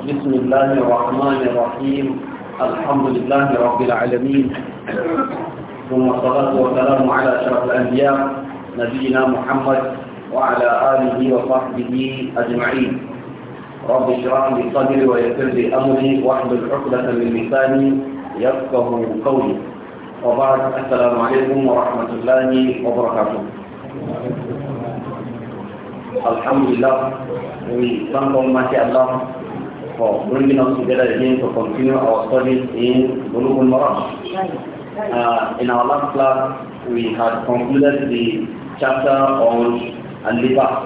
بسم الله الرحمن الرحيم الحمد لله رب العالمين ثم الصلاة والسلام على أشرف الأنبياء نبينا محمد وعلى آله وصحبه أجمعين رب اشرح لي صدري ويسر لي أمري واحلل عقدة من لساني يفقه قولي وبعد السلام عليكم ورحمة الله وبركاته Alhamdulillah, we thank Almighty Allah for bringing us together again to continue our studies in Bulugh al Uh, in our last class, we had concluded the chapter on al-libas.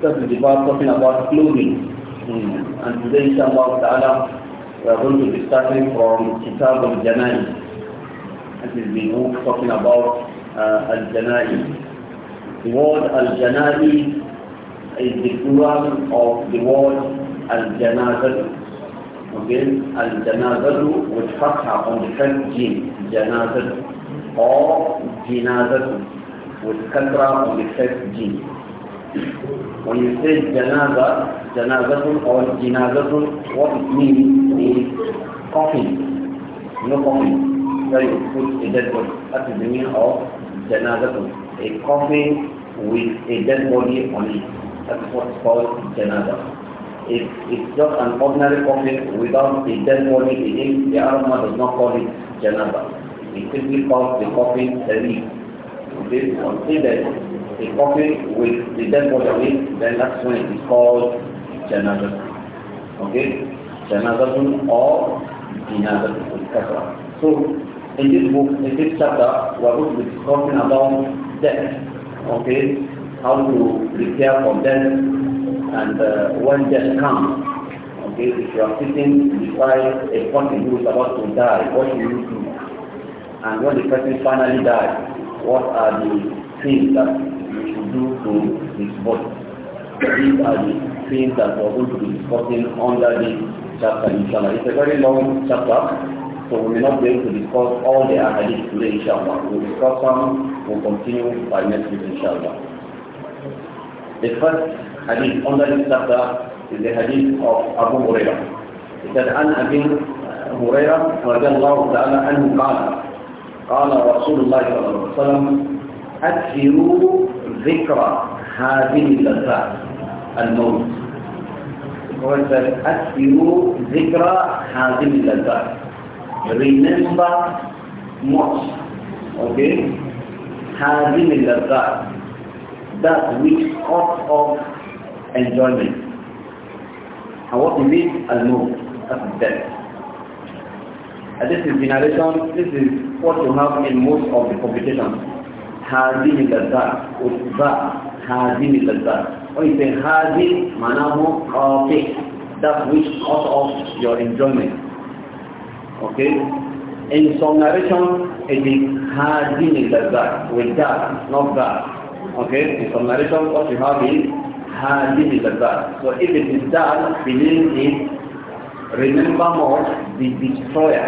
That talking about clothing. Mm. And today, inshallah ta'ala, we are going to be starting from Kitab al-Janai. That is we book talking about uh, al-Janai. The word al-Janai is the plural of the word الجنازة وبين الجنازة والفتحة وبين جيم جنازة أو جنازة والكسرة وبين جيم When you say janaza, janazatun or janazatun, what it means is coffin. No coffin. Where you put a dead body. That is the meaning of janazatun. A coffin with a dead body on it. That's what's called janaza. if it's just an ordinary coffin without the dead body in it, the Arab does not call it janaba. It simply calls the coffin Sharif. Okay, consider a coffin with the dead body on it, then that's when it is called janaba. Okay, janabatun or jinabatun kasra. So in this book, in this chapter, we are going to be talking about death. Okay, how to prepare for death and uh, when death comes, okay, if you are sitting beside a person who is about to die, what do you do? And when the person finally dies, what are the things that you should do to his body? These are the things that we are going to be discussing under this chapter, inshallah. It's a very long chapter, so we will not be able to discuss all the ahadith today, inshallah. We'll discuss some, we'll continue by next week, inshallah. The first hadith under this chapter is the hadith of Abu Hurairah. It said, An Abi Hurairah radiallahu ta'ala anhu qala, قال رسول الله صلى الله عليه وسلم أكثروا ذكر هذه اللذات الموت Prophet said, أكثروا ذكر هذه اللذات Remember much Okay? هذه اللذات That which cut off enjoyment. And what we need and nur that's death. And this is the this is what you have in most of the publications. هذه اللذات أتباع هذه that. When you say هذه معناه قاطع that which cut off your enjoyment. Okay? In some narration, it is هذه that, with that, not that. Okay? In some narration, what you have is هذه اللذات. So if it is done, believe it, remember more the destroyer.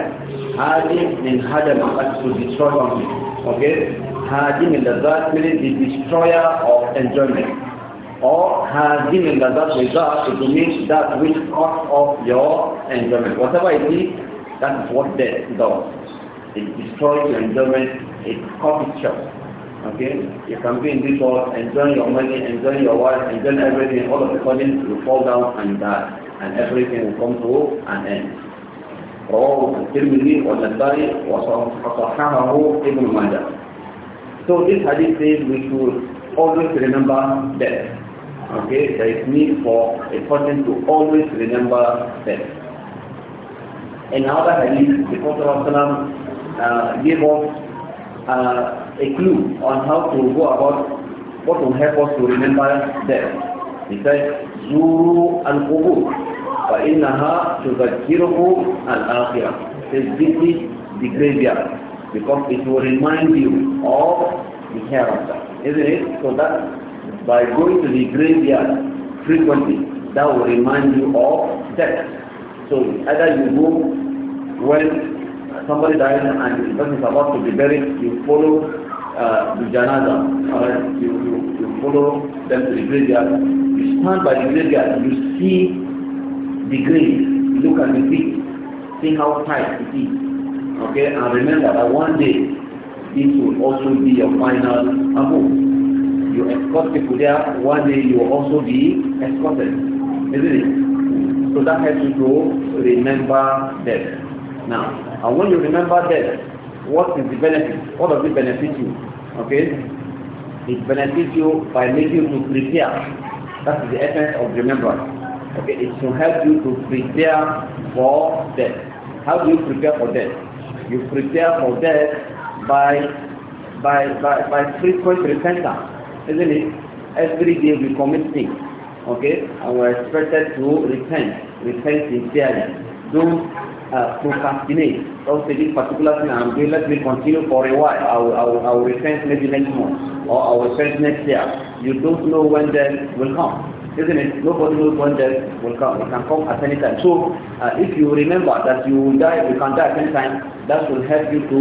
Hadim and Hadama, that's to destroy something. Okay? Hadim the Lazat means the destroyer of enjoyment. Or Hadim the Lazat result is to that which cuts off your enjoyment. Whatever it is, that is what death does. It destroys your enjoyment, it cuts it short. Okay? You can be in this world, enjoy your money, enjoy your wife, enjoy everything. All of a sudden, you fall down and die. And everything will come to an end. So this hadith says we should always remember death. Okay, there is need for a person to always remember death. Another hadith, the Prophet uh, gave us uh, a clue on how to go about what will help us to remember them? He said, Zuru al-Qubur, the تُذَكِّرُكُمْ al-Akhirah. Says, visit the graveyard because it will remind you of the hereafter, isn't it? So that by going to the graveyard frequently, that will remind you of death. So either you go when somebody dies and the person is about to be buried, you follow uh, to janaza, you, you, you follow them to the graveyard, you stand by the graveyard, you see the grave, you look at the feet, Think how tight it is. Okay, and remember that one day this will also be your final abode. You escort people there, one day you will also be escorted. Isn't it? So that helps you to remember death. Now, and when you remember death, what is the benefit? What does it benefit you? Okay? It benefits you by making you prepare. That is the essence of remembrance. Okay, it will help you to prepare for death. How do you prepare for death? You prepare for death by by by, by frequent repentance, isn't it? Every day we commit sin, Okay? And we're expected to repent, repent sincerely. Don't to procrastinate. Don't say this particular thing I'm let me continue for a while. I will, I will, I will repent maybe next month or I will repent next year. You don't know when death will come. Isn't it? Nobody knows when death will come. It can come at any time. So uh, if you remember that you will die, you can die at any time, that will help you to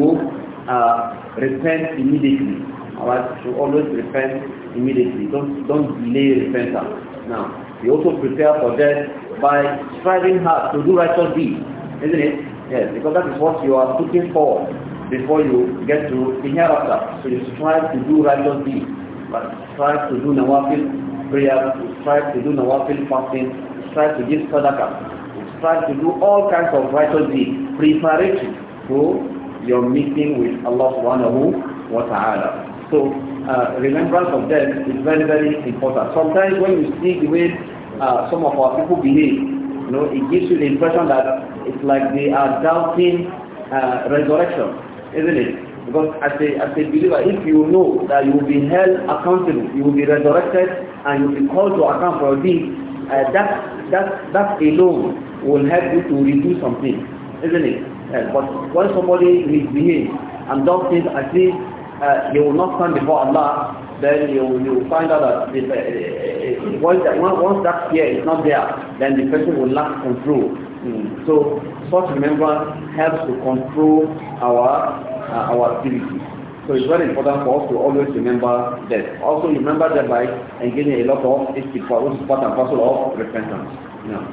uh, repent immediately. Alright? So always repent immediately. Don't don't delay repentance. Now you also prepare for death by striving hard to do righteous deeds. Isn't it? Yes, because that is what you are looking for before you get to the hereafter. So you strive to do righteous deeds, but strive to do nawafil prayer, strive to do nawafil fasting, strive to give sadaqah, strive to do all kinds of righteous deeds, Preparation to your meeting with Allah subhanahu wa ta'ala. So uh, remembrance of that is is very, very important. Sometimes when you see the way uh, some of our people behave, you know, it gives you the impression that it's like they are doubting uh, resurrection, isn't it? Because as a, as a believer, if you know that you will be held accountable, you will be resurrected and you will be called to account for your deeds, uh, that, that, that alone will help you to redo something, isn't it? Uh, but when somebody misbehaves and does things as if uh, will not stand before Allah, then you you find out that uh, uh, uh, once, that, once that fear is not there, then the person will lack control Mm. So such remembrance helps to control our uh, our activities. So it's very important for us to always remember that. Also remember that by engaging a lot of istighfar, which is part and parcel of repentance. Yeah.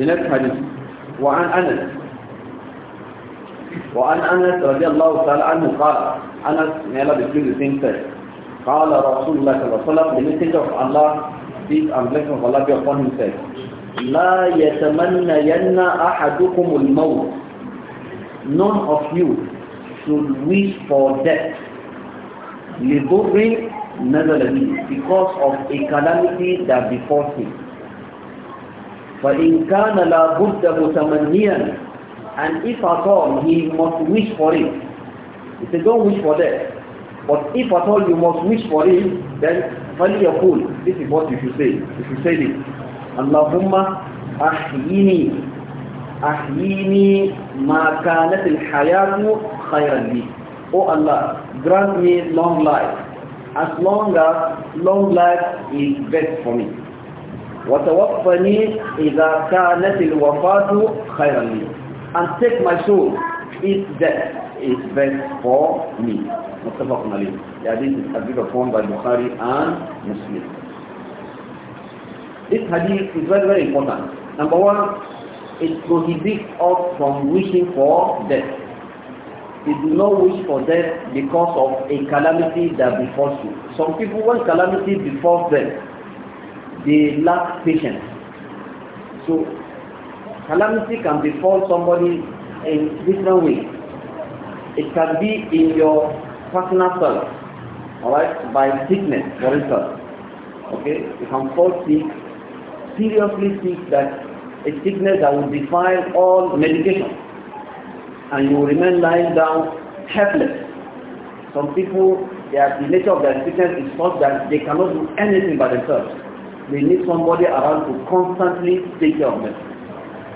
The next hadith. وعن أنس وعن أنس رضي الله تعالى عنه قال أنس may Allah be the same said قال رسول الله صلى الله عليه وسلم the messenger of Allah peace and blessings of Allah be upon him said la yatamanna yanna ahadukum al-maut none of you should wish for death liburri nazalani because of a calamity that befalls him فإن كان لا بد متمنيا and if at all he must wish for it he said don't wish for death. but if at all you must wish for it then فليقول this is what you should say you should say this اللهم أحييني أحييني ما كانت الحياة خيرا لي او Allah, grant me long life as long as long life is best for me وتوفني إذا كانت الوفاة خيرا لي and take my soul if death is best for me متفق عليه يعني this is a bit of by Bukhari and Muslim This hadith is very, very important. Number one, it prohibits us from wishing for death. We do not wish for death because of a calamity that befalls you. Some people, when calamity befalls them, they lack patience. So, calamity can befall somebody in different ways. It can be in your personal self, alright, by sickness, for instance. Okay, you can fall sick seriously speak that a sickness that would defy all medication and you will remain lying down helpless. Some people, the nature of their sickness is such that they cannot do anything by themselves. They need somebody around to constantly take care of them.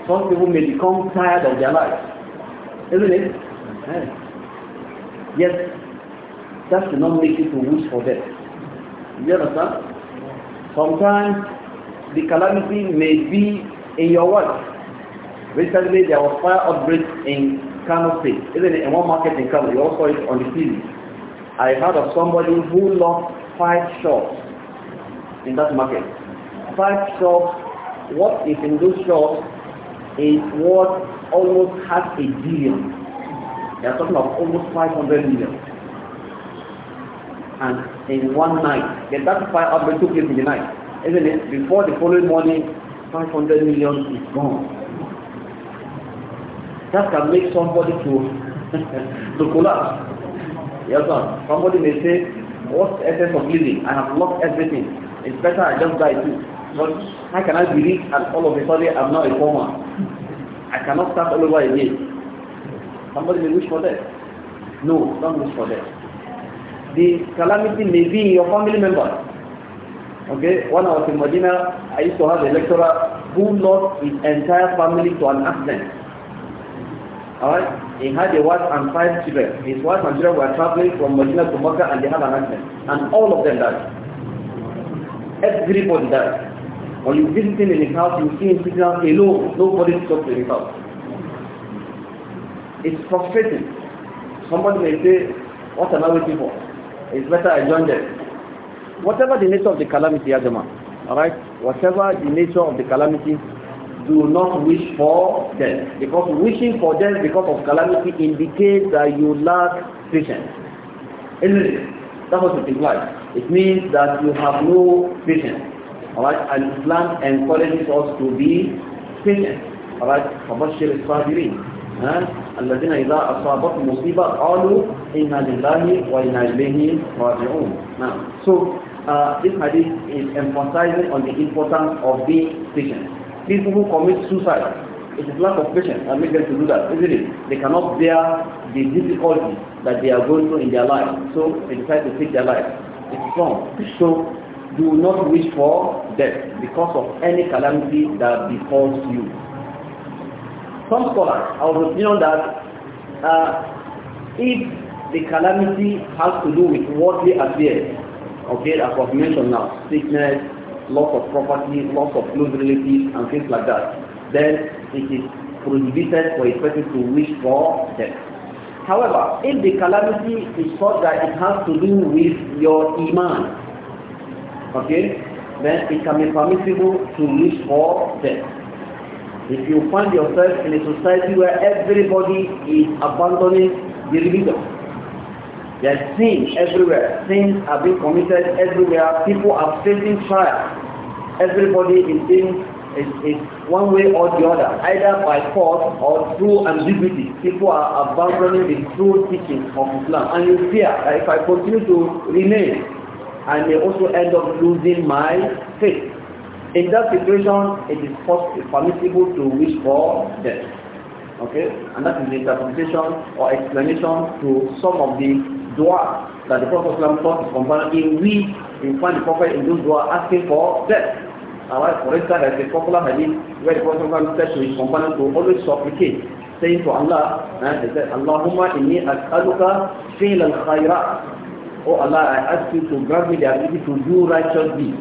Some people may become tired of their life, isn't it? Yes, yes. that should not make you to wish for death. You understand? Sometimes the calamity may be in your world. Recently, there was fire outbreak in Kano State, it? in one market in Kano. You also saw it on the TV. I heard of somebody who lost five shops in that market. Five shops, what is in those shops is worth almost half a billion. They are talking of almost 500 million. And in one night, that fire outbreak took place in the night. Isn't it? Before the following morning, 500 million is gone. That can make somebody to, to collapse. Yes, sir. Somebody may say, what's the essence of living? I have lost everything. It's better I just die too. But how can I believe that all of a sudden I'm not a former? I cannot start all over again. Somebody may wish for that. No, don't wish for that. The calamity may be your family member. Okay, one I was in Medina, I used to have a lecturer who lost his entire family to an accident. Alright, he had a wife and five children. His wife and children were traveling from Medina to Mecca and they had an accident. And all of them died. Everybody died. When you visit him in his house, you see him sitting down alone. Nobody talks in his house. It's frustrating. Somebody may say, what am I waiting for? It's better I join them whatever the nature of the calamity, Ajama, alright, whatever the nature of the calamity, do not wish for death. Because wishing for death because of calamity indicates that you lack patience. Isn't That's what it implies. It means that you have no patience. Alright? And Islam encourages us to be patient. Alright? فَبَشِّرِ الصَّابِرِينَ الذين إذا أصابتهم مصيبة قالوا إنا لله وإنا إليه راجعون. so uh, this hadith is emphasizing on the importance of being patient. People who commit suicide, it is lack of patience that makes them to do that, isn't it? They cannot bear the difficulty that they are going through in their life, so they decide to take their life. It's wrong. So do not wish for death because of any calamity that befalls you. Some scholars have the opinion that uh, if the calamity has to do with worldly affairs, Okay, as was mentioned now, sickness, loss of property, loss of close relatives, and things like that. Then it is prohibited for a person to wish for death. However, if the calamity is such that it has to do with your iman, okay, then it can be permissible to wish for death. If you find yourself in a society where everybody is abandoning the religion, there's sin everywhere. Sins are being committed everywhere. People are facing trial. Everybody is being is, is one way or the other, either by force or through ambiguity. People are abandoning the true teaching of Islam. And you fear that if I continue to remain, I may also end up losing my faith. In that situation, it is permissible to wish for death okay and that is the interpretation or explanation to some of the dua that the Prophet taught his We, in which we find the Prophet in those dua asking for death. Alright, for instance, there's a popular hadith where the Prophet said to his companion to always supplicate, saying to Allah, and he said, Allahumma inni as'aluka fil al khayrat. Oh Allah, I ask you to grant me the ability to do righteous deeds.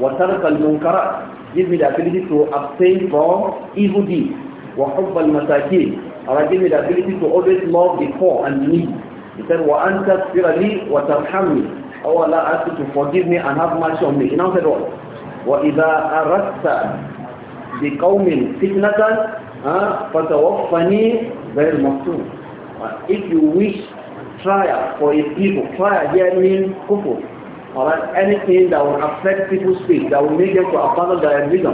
Wa tark al munkarat. Give me the ability to abstain from evil deeds. Wa hubb al masakin. Alright, give me the ability to always love the poor and the needy. He said, وَأَنْ تَغْفِرَ لِي وَتَرْحَمْنِي Oh Allah, ask you to forgive me and have mercy on me. He now said what? وَإِذَا أَرَدْتَ بِقَوْمٍ فِتْنَةً فَتَوَفَّنِي غَيْرْ مَفْتُونٍ If you wish trial for his people, trial here means kufur. Alright, anything that will affect people's faith, that will make them to abandon their religion.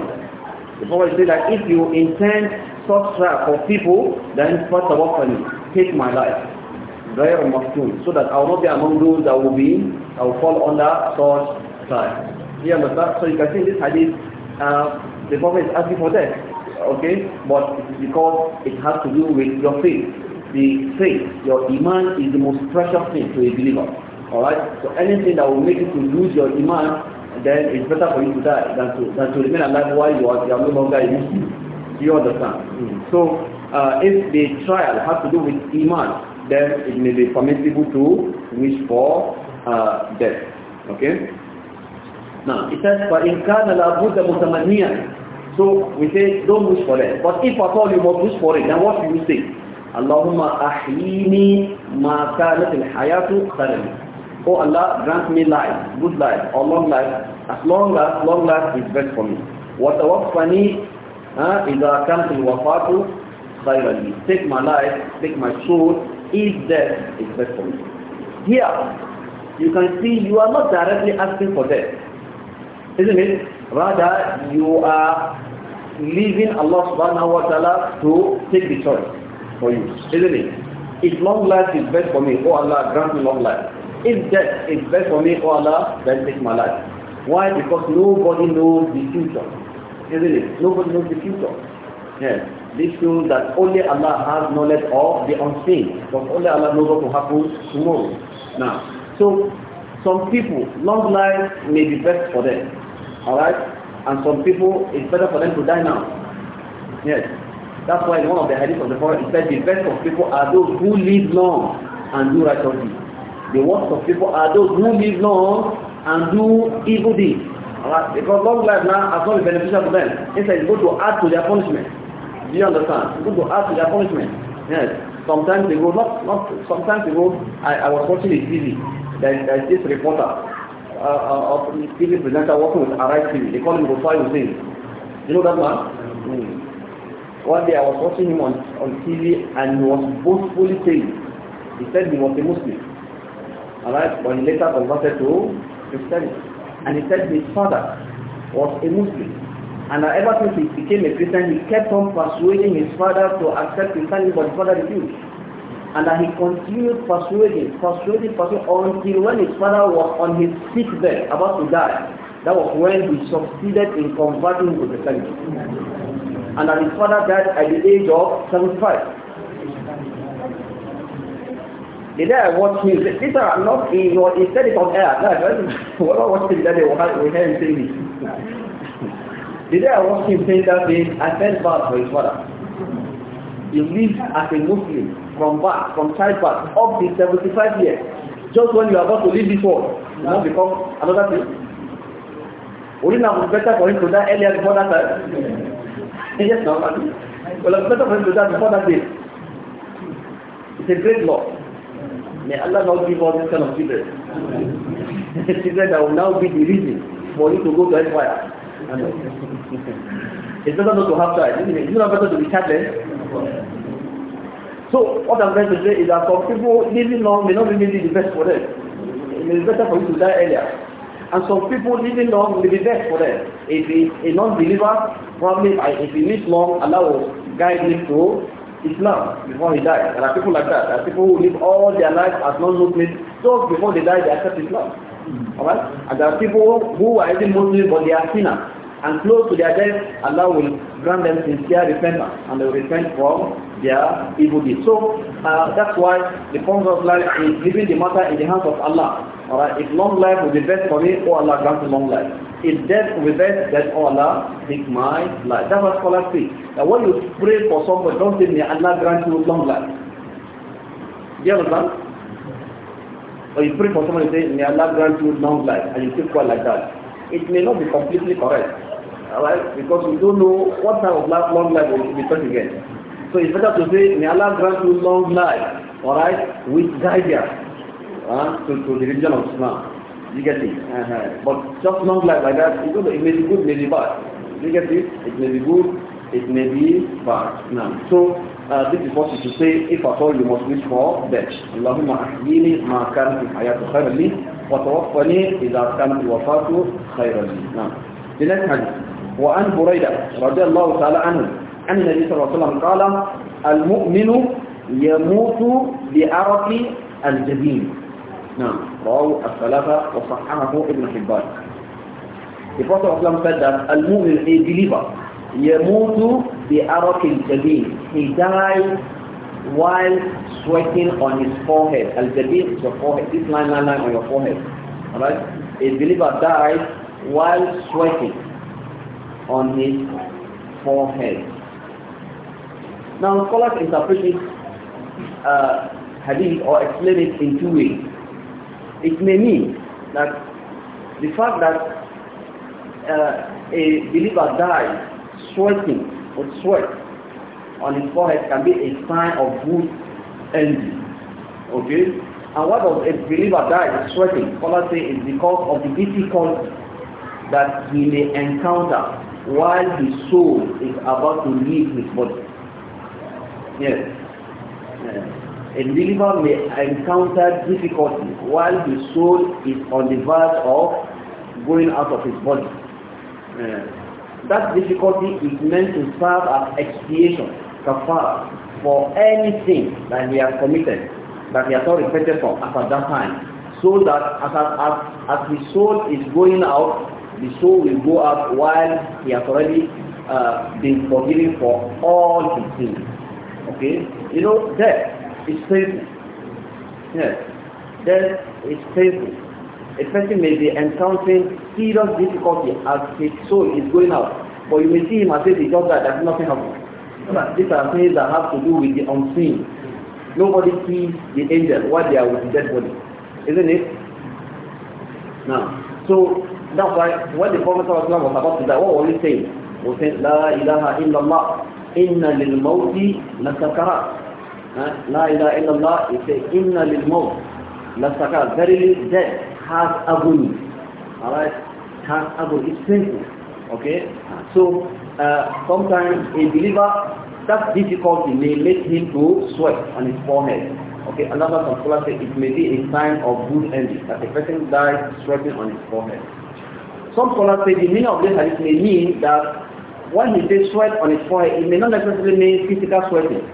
The Prophet said that if you intend such trial for people, then first of all, take my life. غير مفتون so that I will not be among those that will be I will fall under such time. Yeah, understand? So you can see in this hadith uh, the Prophet is asking for that, Okay? But it's because it has to do with your faith. The faith, your iman is the most precious thing to a believer. Alright? So anything that will make you to lose your iman, then it's better for you to die than to, than to remain alive while you are, you are no longer a Muslim. Do you understand? Mm. So uh, if the trial has to do with iman, then it may be permissible to wish for uh, death. Okay? Now, it says, فَإِنْ كَانَ لَابُدَّ مُتَمَنِّيًا So we say, don't wish for that. But if at all you must wish for it, then what do you say? اللهم أحييني ما كانت الحياة خيرا Oh Allah, grant me life, good life, or long life, as long as long life is best for me. وتوفني إذا كانت الوفاة خيرا لي. Take my life, take my soul is death is best for me. Here, you can see you are not directly asking for death. Isn't it? Rather, you are leaving Allah subhanahu wa ta'ala to take the choice for you. Isn't it? If long life is best for me, oh Allah, grant me long life. If death is best for me, oh Allah, then take my life. Why? Because nobody knows the future. Isn't it? Nobody knows the future. Yes. This shows that only Allah has knowledge of the unseen. Because only Allah knows what will happen tomorrow. Now, so some people, long life may be best for them. Alright? And some people, it's better for them to die now. Yes. That's why in one of the hadith of the Prophet, it said the best of people are those who live long and do righteous deeds. The worst of people are those who live long and do evil deeds. Alright? Because long life now has not been beneficial to them. Instead, it's going to add to their punishment. Do you understand? People go ask their punishment. Yes. Sometimes they go, not, not, sometimes they go, I, I was watching a TV, there, there is this reporter, uh, uh, of TV presenter working with Arise TV. They call him the Hussein. You know that man? Mm. One day I was watching him on, on TV and he was boastfully saying, he said he was a Muslim. Alright, but he later converted to Christianity. And he said his father was a Muslim. And ever since he became a Christian, he kept on persuading his father to accept Christianity, but his father refused. And that he continued persuading, persuading, persuading until when his father was on his sick bed, about to die. That was when he succeeded in converting to Christianity. And that his father died at the age of 75. The day I watched him, these are not he said it on air. No, I not when I watched him that day, him this. The day I watched him saying that thing, I felt bad for his father. He lives as a Muslim from back from childbirth, up to 75 years. Just when you are about to leave this world, you now become another thing. Wouldn't it have been better for him to die earlier before that time? yes, no, I mean, well, it's better for him to die before that day. It's a great law. May Allah not give all these kind of children. children that will now be the reason for you to go to hellfire. Amen. it's better not to have child, isn't it? It's not better to be childless. So what I'm trying to say is that some people living long may not really be the best for them. It may be better for you to die earlier. And some people living long will be best for them. If a non-believer, probably if he lives long, Allah will guide him to Islam before he dies. There are people like that. There are people who live all their life as non-Muslims. So before they die, they accept Islam. Alright? And there are people who are even Muslims but they are sinners and close to their death, Allah will grant them sincere repentance and they will repent from their evil deeds. So uh, that's why the forms of life is leaving the matter in the hands of Allah. Alright, if long life will be best for me, oh Allah grant me long life. If death will be best, then oh Allah take my life. That was scholars three. Now when you pray for someone, don't say may Allah grant you long life. Do you understand? Or you pray for someone and say, may Allah grant you long life, and you keep quiet like that. It may not be completely correct. Alright? Because we don't know what type of life, long life will be talking again. So it's better to say, may Allah grant you long life, alright, with guidance uh, to, to the religion of Islam. You get it? Uh -huh. But just long life like that, you know, it may be good, may be bad. You get it? It may be good, it may be bad. Now, so uh, this is what you should say if at all you must wish for death. اللهم أحييني ما كانت الحياة خيرا لي وتوفني إذا كانت الوفاة خيرا لي. Now, the next hadith. وعن بريدة رضي الله تعالى عنه عن النبي صلى الله عليه وسلم قال المؤمن يموت بعرق الجبين نعم رواه الثلاثة وصححه ابن حبان The Prophet of Islam said that Al-Mu'min, a believer, Yamutu al-jabin. He died while sweating on his forehead. Al-jabin is your forehead. This line, line, line on your forehead. Alright? A believer dies while sweating on his forehead. Now scholars interpret this uh, hadith or explain it in two ways. It may mean that the fact that uh, a believer dies sweating or sweat on his forehead can be a sign of good ending. Okay? And what does a believer die sweating? Scholars say is because of the difficulty that he may encounter while his soul is about to leave his body. Yes. yes. A believer may encounter difficulty while his soul is on the verge of going out of his body. Yes. That difficulty is meant to serve as expiation, kafara, for anything that he has committed, that he has not repented from after at that time. So that as, as, as his soul is going out, the soul will go out while he has already uh, been forgiven for all his sins. Okay? You know, death is painful. Yes. Death is painful. A person may be encountering serious difficulty as his soul is going out, but you may see him as if he just that that nothing happened. these are things that have to do with the unseen. Nobody sees the angel while they are with the dead body. Isn't it? Now, so that's why when the Prophet was about to die, what was he say? He said, La ilaha illallah, inna lil mawti la sakara. La ilaha illallah, he said, inna lil mawti la sakarat. Verily, death has agony. Alright? Has agony. It's painful. Okay? So, uh, sometimes a believer, that difficulty may make him to sweat on his forehead. Okay, another scholar said it may be a sign of good ending, that a person dies sweating on his forehead. Some scholars say the meaning of this hadith may mean that when he says sweat on his forehead, it may not necessarily mean physical sweating.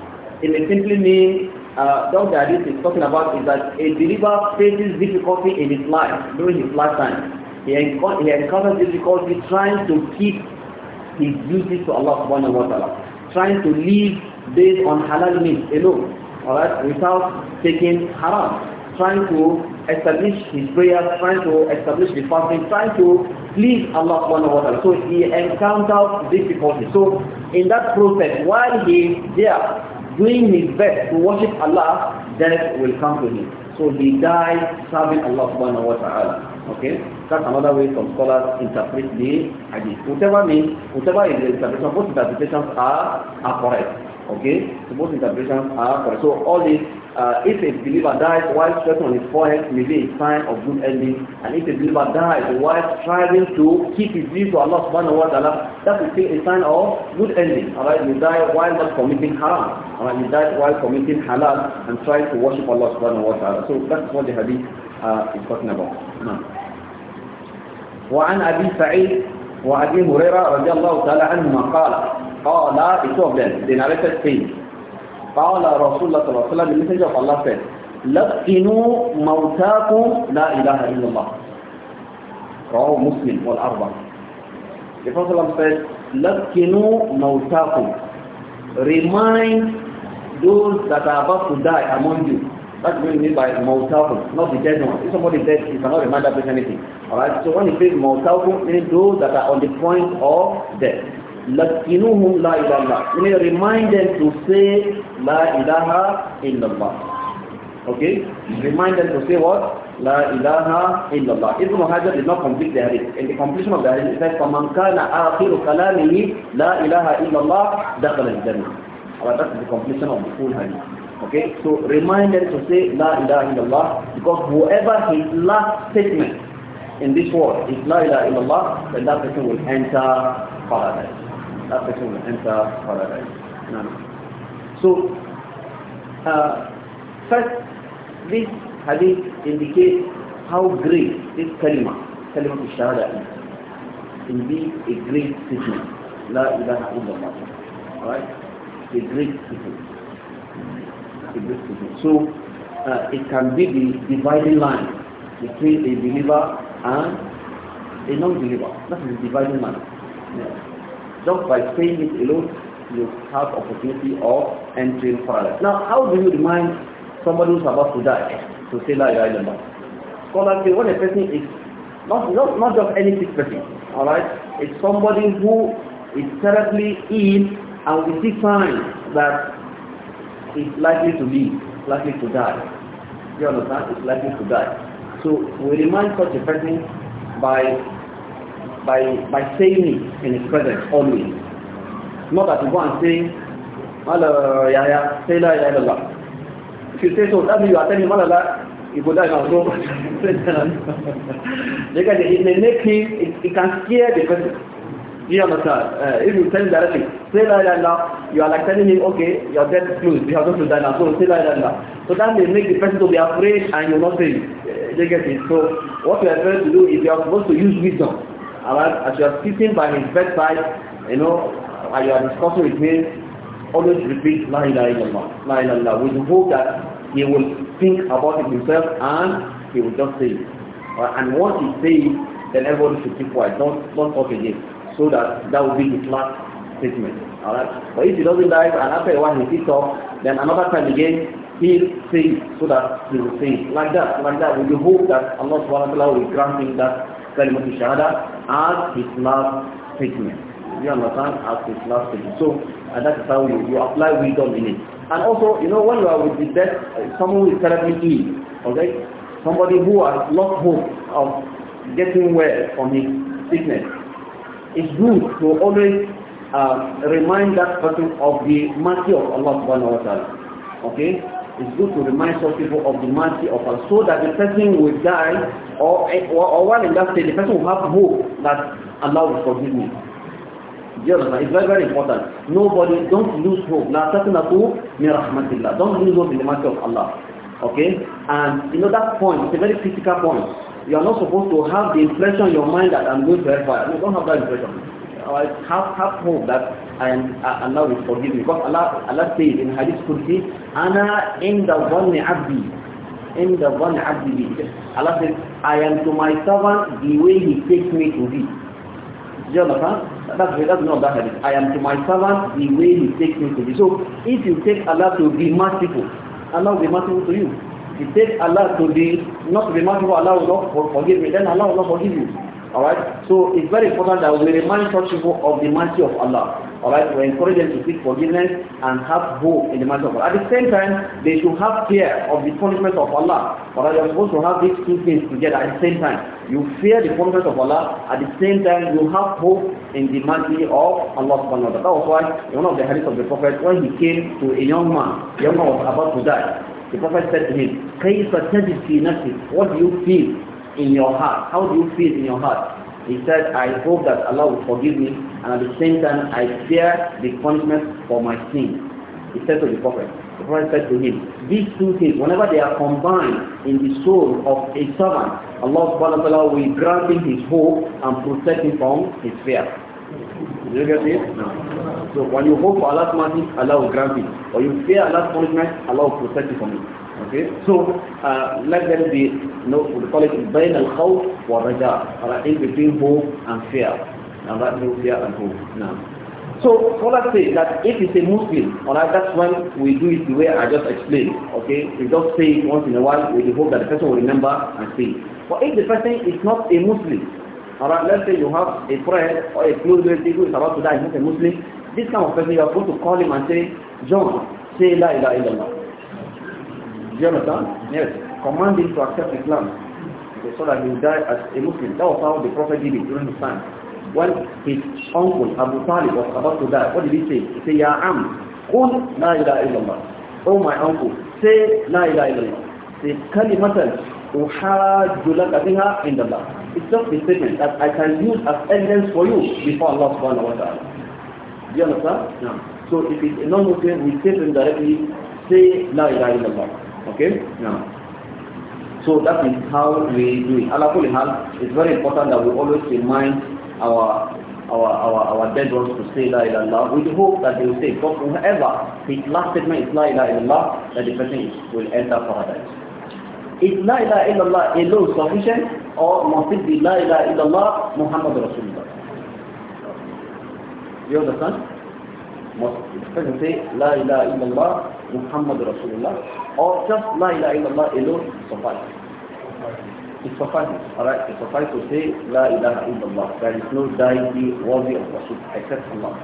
It may simply mean uh, what the hadith is talking about is that a believer faces difficulty in his life, during his lifetime. He, enco- he encounters difficulty trying to keep his duties to Allah subhanahu wa ta'ala, trying to live based on halal means alone, alright, without taking haram, trying to establish his prayers, trying to establish the fasting, trying to please Allah subhanahu wa ta'ala. So he encounters difficulties. So in that process, while he there doing his best to worship Allah, death will come to him. So he died serving Allah subhanahu wa ta'ala. Okay? That's another way some scholars interpret the hadith. Whatever means, whatever is the interpretation, both interpretations are, are correct. Okay? So both interpretations are correct. So all these uh, if a believer dies while sweating on his forehead may be a sign of good ending. And if a believer dies while striving to keep his deed to Allah subhanahu wa ta'ala, that is still a sign of good ending. Alright, you die while not committing haram. Alright, you die while committing halal and trying to worship Allah subhanahu wa ta'ala. So that's what the hadith uh, is talking about. No. وعن أبي سعيد وأبي هريرة رضي الله تعالى عنهما قال قال two of them they narrated Qala Rasulullah sallallahu alaihi wasallam, the messenger of Allah said, لَقِّنُوا مَوْتَاكُمْ لَا إِلَهَ إِلَّا اللَّهِ رواه مسلم والأربع The Prophet said, لَقِّنُوا مَوْتَاكُمْ Remind those that are about to die among you. That's what we mean by mawtakum, not the dead one. If somebody dead, you cannot remind that person anything. Alright, so when he says mawtakum, meaning those that are on the point of death. لَكِّنُوهُمْ لَا إِلَى اللَّهِ May remind them to say La ilaha illallah. Okay? Remind them to say what? La ilaha illallah. Ibn Hajar did not complete the hadith. In the completion of the hadith, it says, فَمَنْ كَانَ آخِرُ كَلَامِهِ لَا إِلَهَ إِلَّا اللَّهِ دَخَلَ الْجَنَّةِ Alright, that's the completion of the full hadith. Okay? So remind them to say La ilaha illallah because whoever his last statement in this world is La ilaha illallah, then that person will enter paradise that person will enter paradise. So, uh, first, this hadith indicates how great this kalima, kalima shahada is. be a great statement. La ilaha illallah. right? A great statement. A great statement. So, uh, it can be the dividing line between a believer and a non-believer. That is the dividing line. Yeah. Just by saying it alone, you have opportunity of entering paradise. Now, how do you remind somebody who's about to die to say La ilaha illallah? Scholars say when a person is not, not, not just any sick person, alright? It's somebody who is terribly ill and we see signs that it's likely to live, likely to die. You understand? It's likely to die. So we remind such a person by by, by saying it in his presence only, Not that you go and say, Mala Yahya, say La ilaha illallah. If you say so, that means you are telling Mala you go die now. So, because it may make him, it, it can scare the person. Do you understand? Uh, if you tell him directly, say La ilaha illallah, you are like telling him, okay, you are dead close, you have going to die now, so say La ilaha illallah. So that may make the person to be afraid and you not saying. Uh, you get it? So what we are trying to do is you are supposed to use wisdom. Alright, as you are sitting by his bedside, you know, and you are discussing with him, always repeat La ilaha illallah, La ilaha with the hope that he will think about it himself and he will just say it. Right? Uh, and once he says it, then everybody should keep quiet. Don't, don't talk again. So that that will be his last statement. Alright? But if he doesn't die and after a while he sits up, then another time again, he says so that he will say it. Like that, like that, with the hope that Allah subhanahu wa ta'ala will grant him that kalimatu shahada as his last statement. You understand? As his last statement. So and that is how you, you apply wisdom in it. And also, you know, when you are with the death, someone who is terribly ill, okay? Somebody who has lost hope of getting well from his sickness. It's good to always uh, remind that person of the mercy of Allah subhanahu wa ta'ala. Okay? It's good to remind such people of the mercy of Allah so that the person will die or, or, or while in that state, the person will have hope that Allah will forgive me. You understand? It's very, very important. Nobody, don't lose hope. لا تتنقوا من رحمة الله. Don't lose hope in the mercy of Allah. Okay? And you know that point, it's a very critical point. You are not supposed to have the impression in your mind that I'm going to hellfire. You don't have that impression. Have, have hope that and uh, Allah will forgive you. Because Allah, Allah says in Hadith Qudsi, Ana in the one abdi, in the one abdi. Allah says, I am to my servant the way he takes me to be. Do you understand? That's, that's not that hadith. I am to my servant the way he takes me to be. So if you take Allah to be merciful, Allah will be merciful to you. If you take Allah to be not to be merciful, Allah will not forgive me, then Allah will not forgive you. Alright? So it's very important that we remind such people of the mercy of Allah. Alright, we encourage them to seek forgiveness and have hope in the matter of Allah. At the same time, they should have fear of the punishment of Allah. Alright, you're supposed to have these two things together at the same time. You fear the punishment of Allah, at the same time you have hope in the mercy of Allah subhanahu wa ta'ala. That was why in one of the hadith of the Prophet, when he came to a young man, the young man was about to die. The Prophet said to him, كيف تجد في نفسك? What do you feel in your heart? How do you feel in your heart? He said, I hope that Allah will forgive me and at the same time I fear the punishment for my sin. He said to the Prophet, the Prophet said to him, these two things, whenever they are combined in the soul of a servant, Allah subhanahu wa ta'ala will grant him his hope and protect him from his fear. Did you get it? No. So when you hope for Allah's mercy, Allah will grant it. Or you fear Allah's punishment, Allah will protect you from it. Okay, so uh, let there be you no know, we call it bain al khawf wa raja, or in between hope and fear, and that means fear and hope. Now, so scholars say that if it's a Muslim, or right, that's when we do it the way I just explained. Okay, we just say it once in a while with the hope that the person will remember and see. But if the person is not a Muslim, or let's say you have a friend or a close relative who is about to die, he's not a Muslim, this kind of person you are going to call him and say, John, say la ilaha illallah. Do you understand? Yes. Command him to accept Islam. Okay, so that he will die as a Muslim. That was how the Prophet did it during his time. When his uncle Abu Talib was about to die, what did he say? He said, Ya Am, Qul La ilaha illallah. Oh my uncle, say La ilaha illallah. The kalimatan uhajju biha indallah. It's just a statement that I can use as evidence for you before Allah subhanahu wa ta'ala. Do you understand? Yeah. So if it's a non-Muslim, we say to him directly, say La ilaha illallah. Okay? Now, so that is how we do it. Alakul hal, it's very important that we always remind our our our our dead ones to say la ilaha illallah. We hope that they will say, but whoever his last statement is la ilaha illallah, that the person will enter paradise. Is la ilaha illallah alone sufficient, or must it be la ilaha illallah Muhammad Rasulullah? You understand? Must the person say la ilaha illallah Muhammad Rasulullah or just La ilaha illallah alone suffice. It suffices, alright? It suffices to say La ilaha illallah. There is no deity worthy of worship except Allah.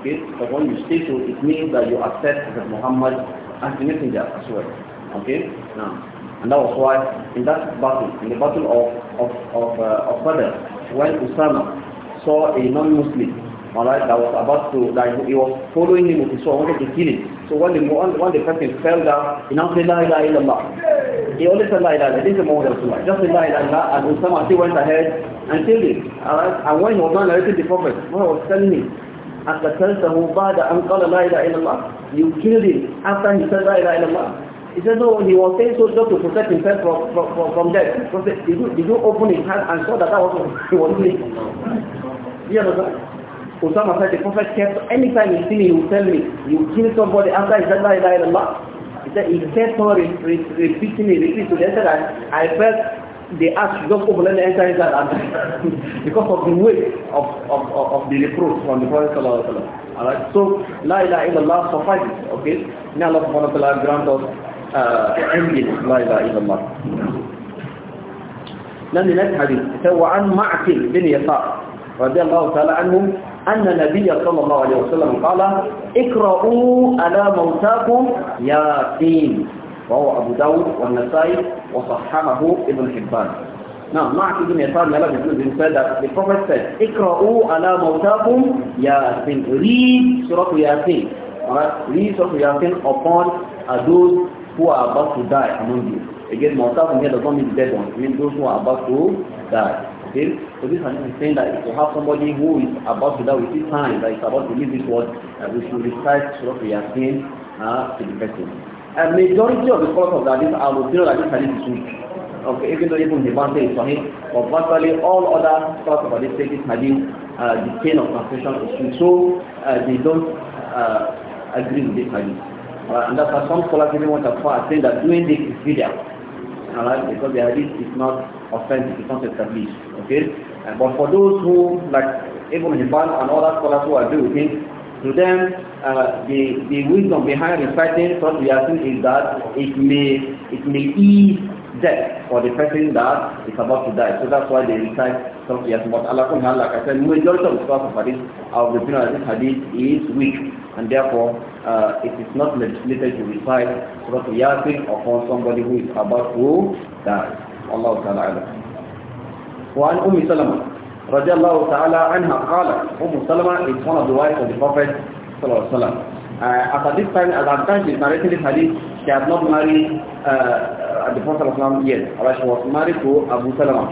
Okay? So when you stay to it means that you accept that Muhammad as the messenger as well. Okay? Now. And that was why in that battle, in the battle of of of, uh, of Badr, when Usama saw a non-Muslim, all right, that was about to, that he was following him, he saw wanted to kill him. So when the, when the person fell down, he now said, La ilaha illallah. He only said La ilaha illallah. This is more Muhammad Rasulullah. Just said La ilaha illallah. And Usama still went ahead and killed him. Alright? And when he was not narrating the Prophet, when Muhammad was telling him, أقتلته بعد أن قال لا إله إلا الله you killed him after he said لا إله إلا he said no he was saying so just to protect himself from, from, from, from death because did you, did you open his hand and saw that that was what he was doing you understand Usama said the Prophet kept, anytime you see me, you tell me, you kill somebody after he said, La ilaha illallah. He said, he kept on re re repeating it, repeating to the extent that I felt the ash just open and enter inside and because of the weight of, of, of, of the reproach from the Prophet Sallallahu Alaihi Wasallam. Alright, so La ilaha illallah suffices, okay? May Allah subhanahu wa ta'ala grant us uh, ending La ilaha illallah. Then the next hadith, it said, وعن معقل بن يسار رضي الله تعالى عنهم أن النبي صلى الله عليه وسلم قال اقرأوا على موتاكم ياسين وهو أبو داود والنسائي وصححه ابن حبان نعم معك ابن يسار ملك ابن سيدة the prophet said اقرأوا على موتاكم ياسين read Surah Yasin alright read Surah Yasin upon those who are about to die among you again موتاكم here does not mean dead ones it means those who are about to die fail. So this is saying that if you have somebody who is about to die with his time, that is about to leave this world, uh, we should recite Surah Yasin uh, to the person. A majority of the scholars of the hadith are Muslim that this hadith is weak. Okay, even though Ibn Hibban says Sahih, but virtually all other scholars of hadith say this hadith, uh, the chain of transmission is weak. So uh, they don't uh, agree with this hadith. Uh, and that's why some scholars even went as far as saying that doing this is video. Alright, because the hadith is not offensive, it's not established. Okay? but for those who, like Ibn Hibban and other scholars who agree with him, to them, uh, the, the wisdom behind reciting Surah Yasin is that it may, it may ease death for the person that is about to die. So that's why they recite Surah Yasin. But Allah like I said, majority of the scholars of hadith, our opinion of this hadith is weak. And therefore, uh, it is not legislated to recite Surah Yasin upon somebody who is about to die. Allah Ta'ala. وعن أم سلمة رضي الله تعالى عنها قالت أم سلمة is one of the wives of the Prophet صلى الله عليه وسلم uh, at this time at that time she narrated this hadith she had not married uh, the Prophet صلى yet but she was married to Abu Salama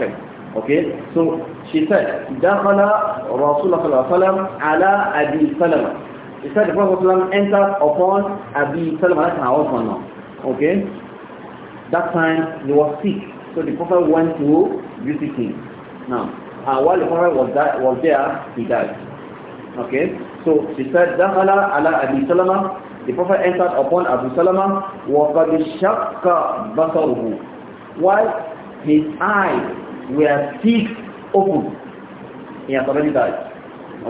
okay so she said دخل رسول الله صلى الله عليه وسلم على أبي سلمة he said the Prophet entered upon Abi Salama, that's our husband now. Okay? That time he was sick. So the Prophet went to visit him. Now, uh, while the Prophet was, that, was there, he died. Okay? So she said, دَخَلَ عَلَى أَبِي سَلَمَةَ The Prophet entered upon Abu Salama وَقَدْ شَقَّ بَصَرُهُ While his eyes were fixed open, he has already died.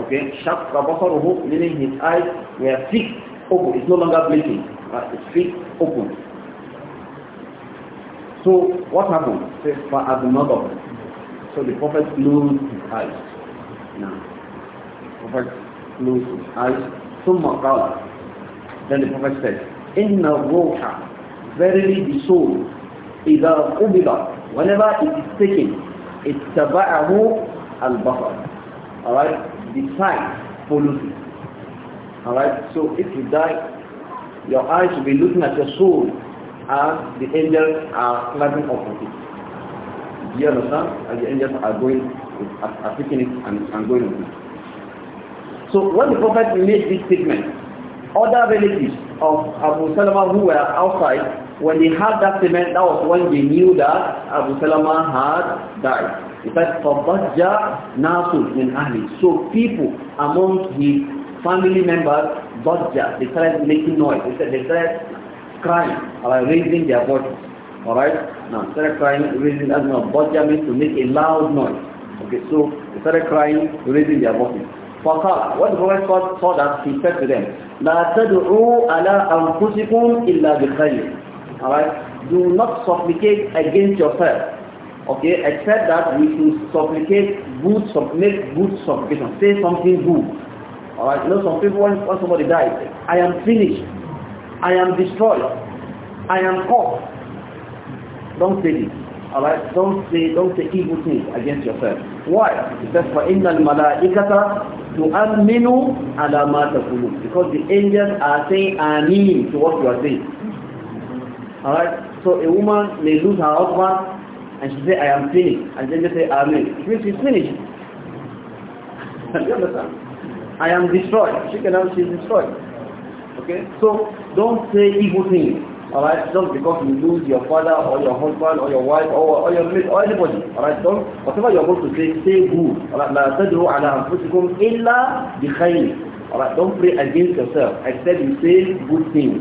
Okay? شَقَّ بَصَرُهُ meaning his eyes were fixed open. It's no longer blinking. Right? It's fixed open. So what happened? Says, فَأَبْنَضَهُ so the Prophet closed his eyes. Now, the Prophet closed his eyes. ثم قال Then the Prophet said, "Inna الروح Verily the soul إذا قبض Whenever it is taken اتبعه البصر Alright, the sight follows it. Alright, so if you die, your eyes will be looking at your soul as the angels are climbing up of it. You understand? And the angels are going, are, picking it and, and going with it. So when the Prophet made this statement, other relatives of Abu Salama who were outside, when they heard that statement, that was when they knew that Abu Salama had died. In fact, فَضَجَّ نَاسٌ مِنْ ahli. So people among his family members, ضَجَّ, they started making noise, they started, they started crying, or raising their voices. Alright? Now, start crying, raising the asthma of Bajja means to make a loud noise. Okay, so they started crying, raising their voices. فقال what the Prophet saw, saw he said to them لا تدعوا على أنفسكم إلا بخير alright do not supplicate against yourself okay except that we should supplicate good make good supplication say something good alright you know some people when, when somebody dies I am finished I am destroyed I am caught don't say this. Alright? Don't say don't say evil things against yourself. Why? It Because the angels are saying amin to what you are saying. Alright? So a woman may lose her husband and she say I am finished and then they say amin. It means she's finished. you understand? I am destroyed. She can now she's destroyed. Okay? So don't say evil things. alright? Just because you lose your father or your husband or your wife or, or your mate or anybody, alright? Don't, whatever you're going to say, say good. Alright? لا تدعوا على أنفسكم إلا بخير. Alright? Don't pray against yourself. Except you say good things.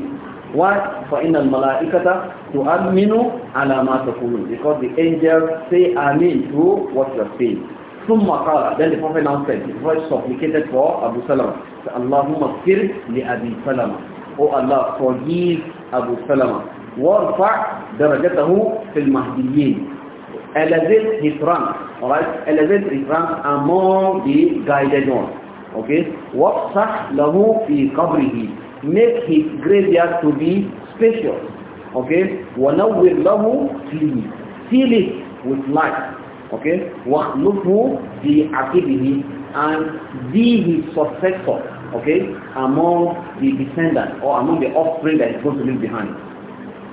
Why? فإن الملائكة تؤمن على ما تقولون. Because the angels say Amen to what you're saying. ثم قال then the Prophet نعم said the prophet supplicated for Abu Salama اللهم اغفر لأبي سلمة oh Allah forgive أبو سلمة وارفع درجته في المهديين elevate his rank alright elevate his rank among the guided ones okay وافسح له في قبره make his graveyard to be special okay ونور له فيه seal it with light okay واخلفه في عقبه and be his successor okay, among the descendant or among the offspring that is going to leave behind.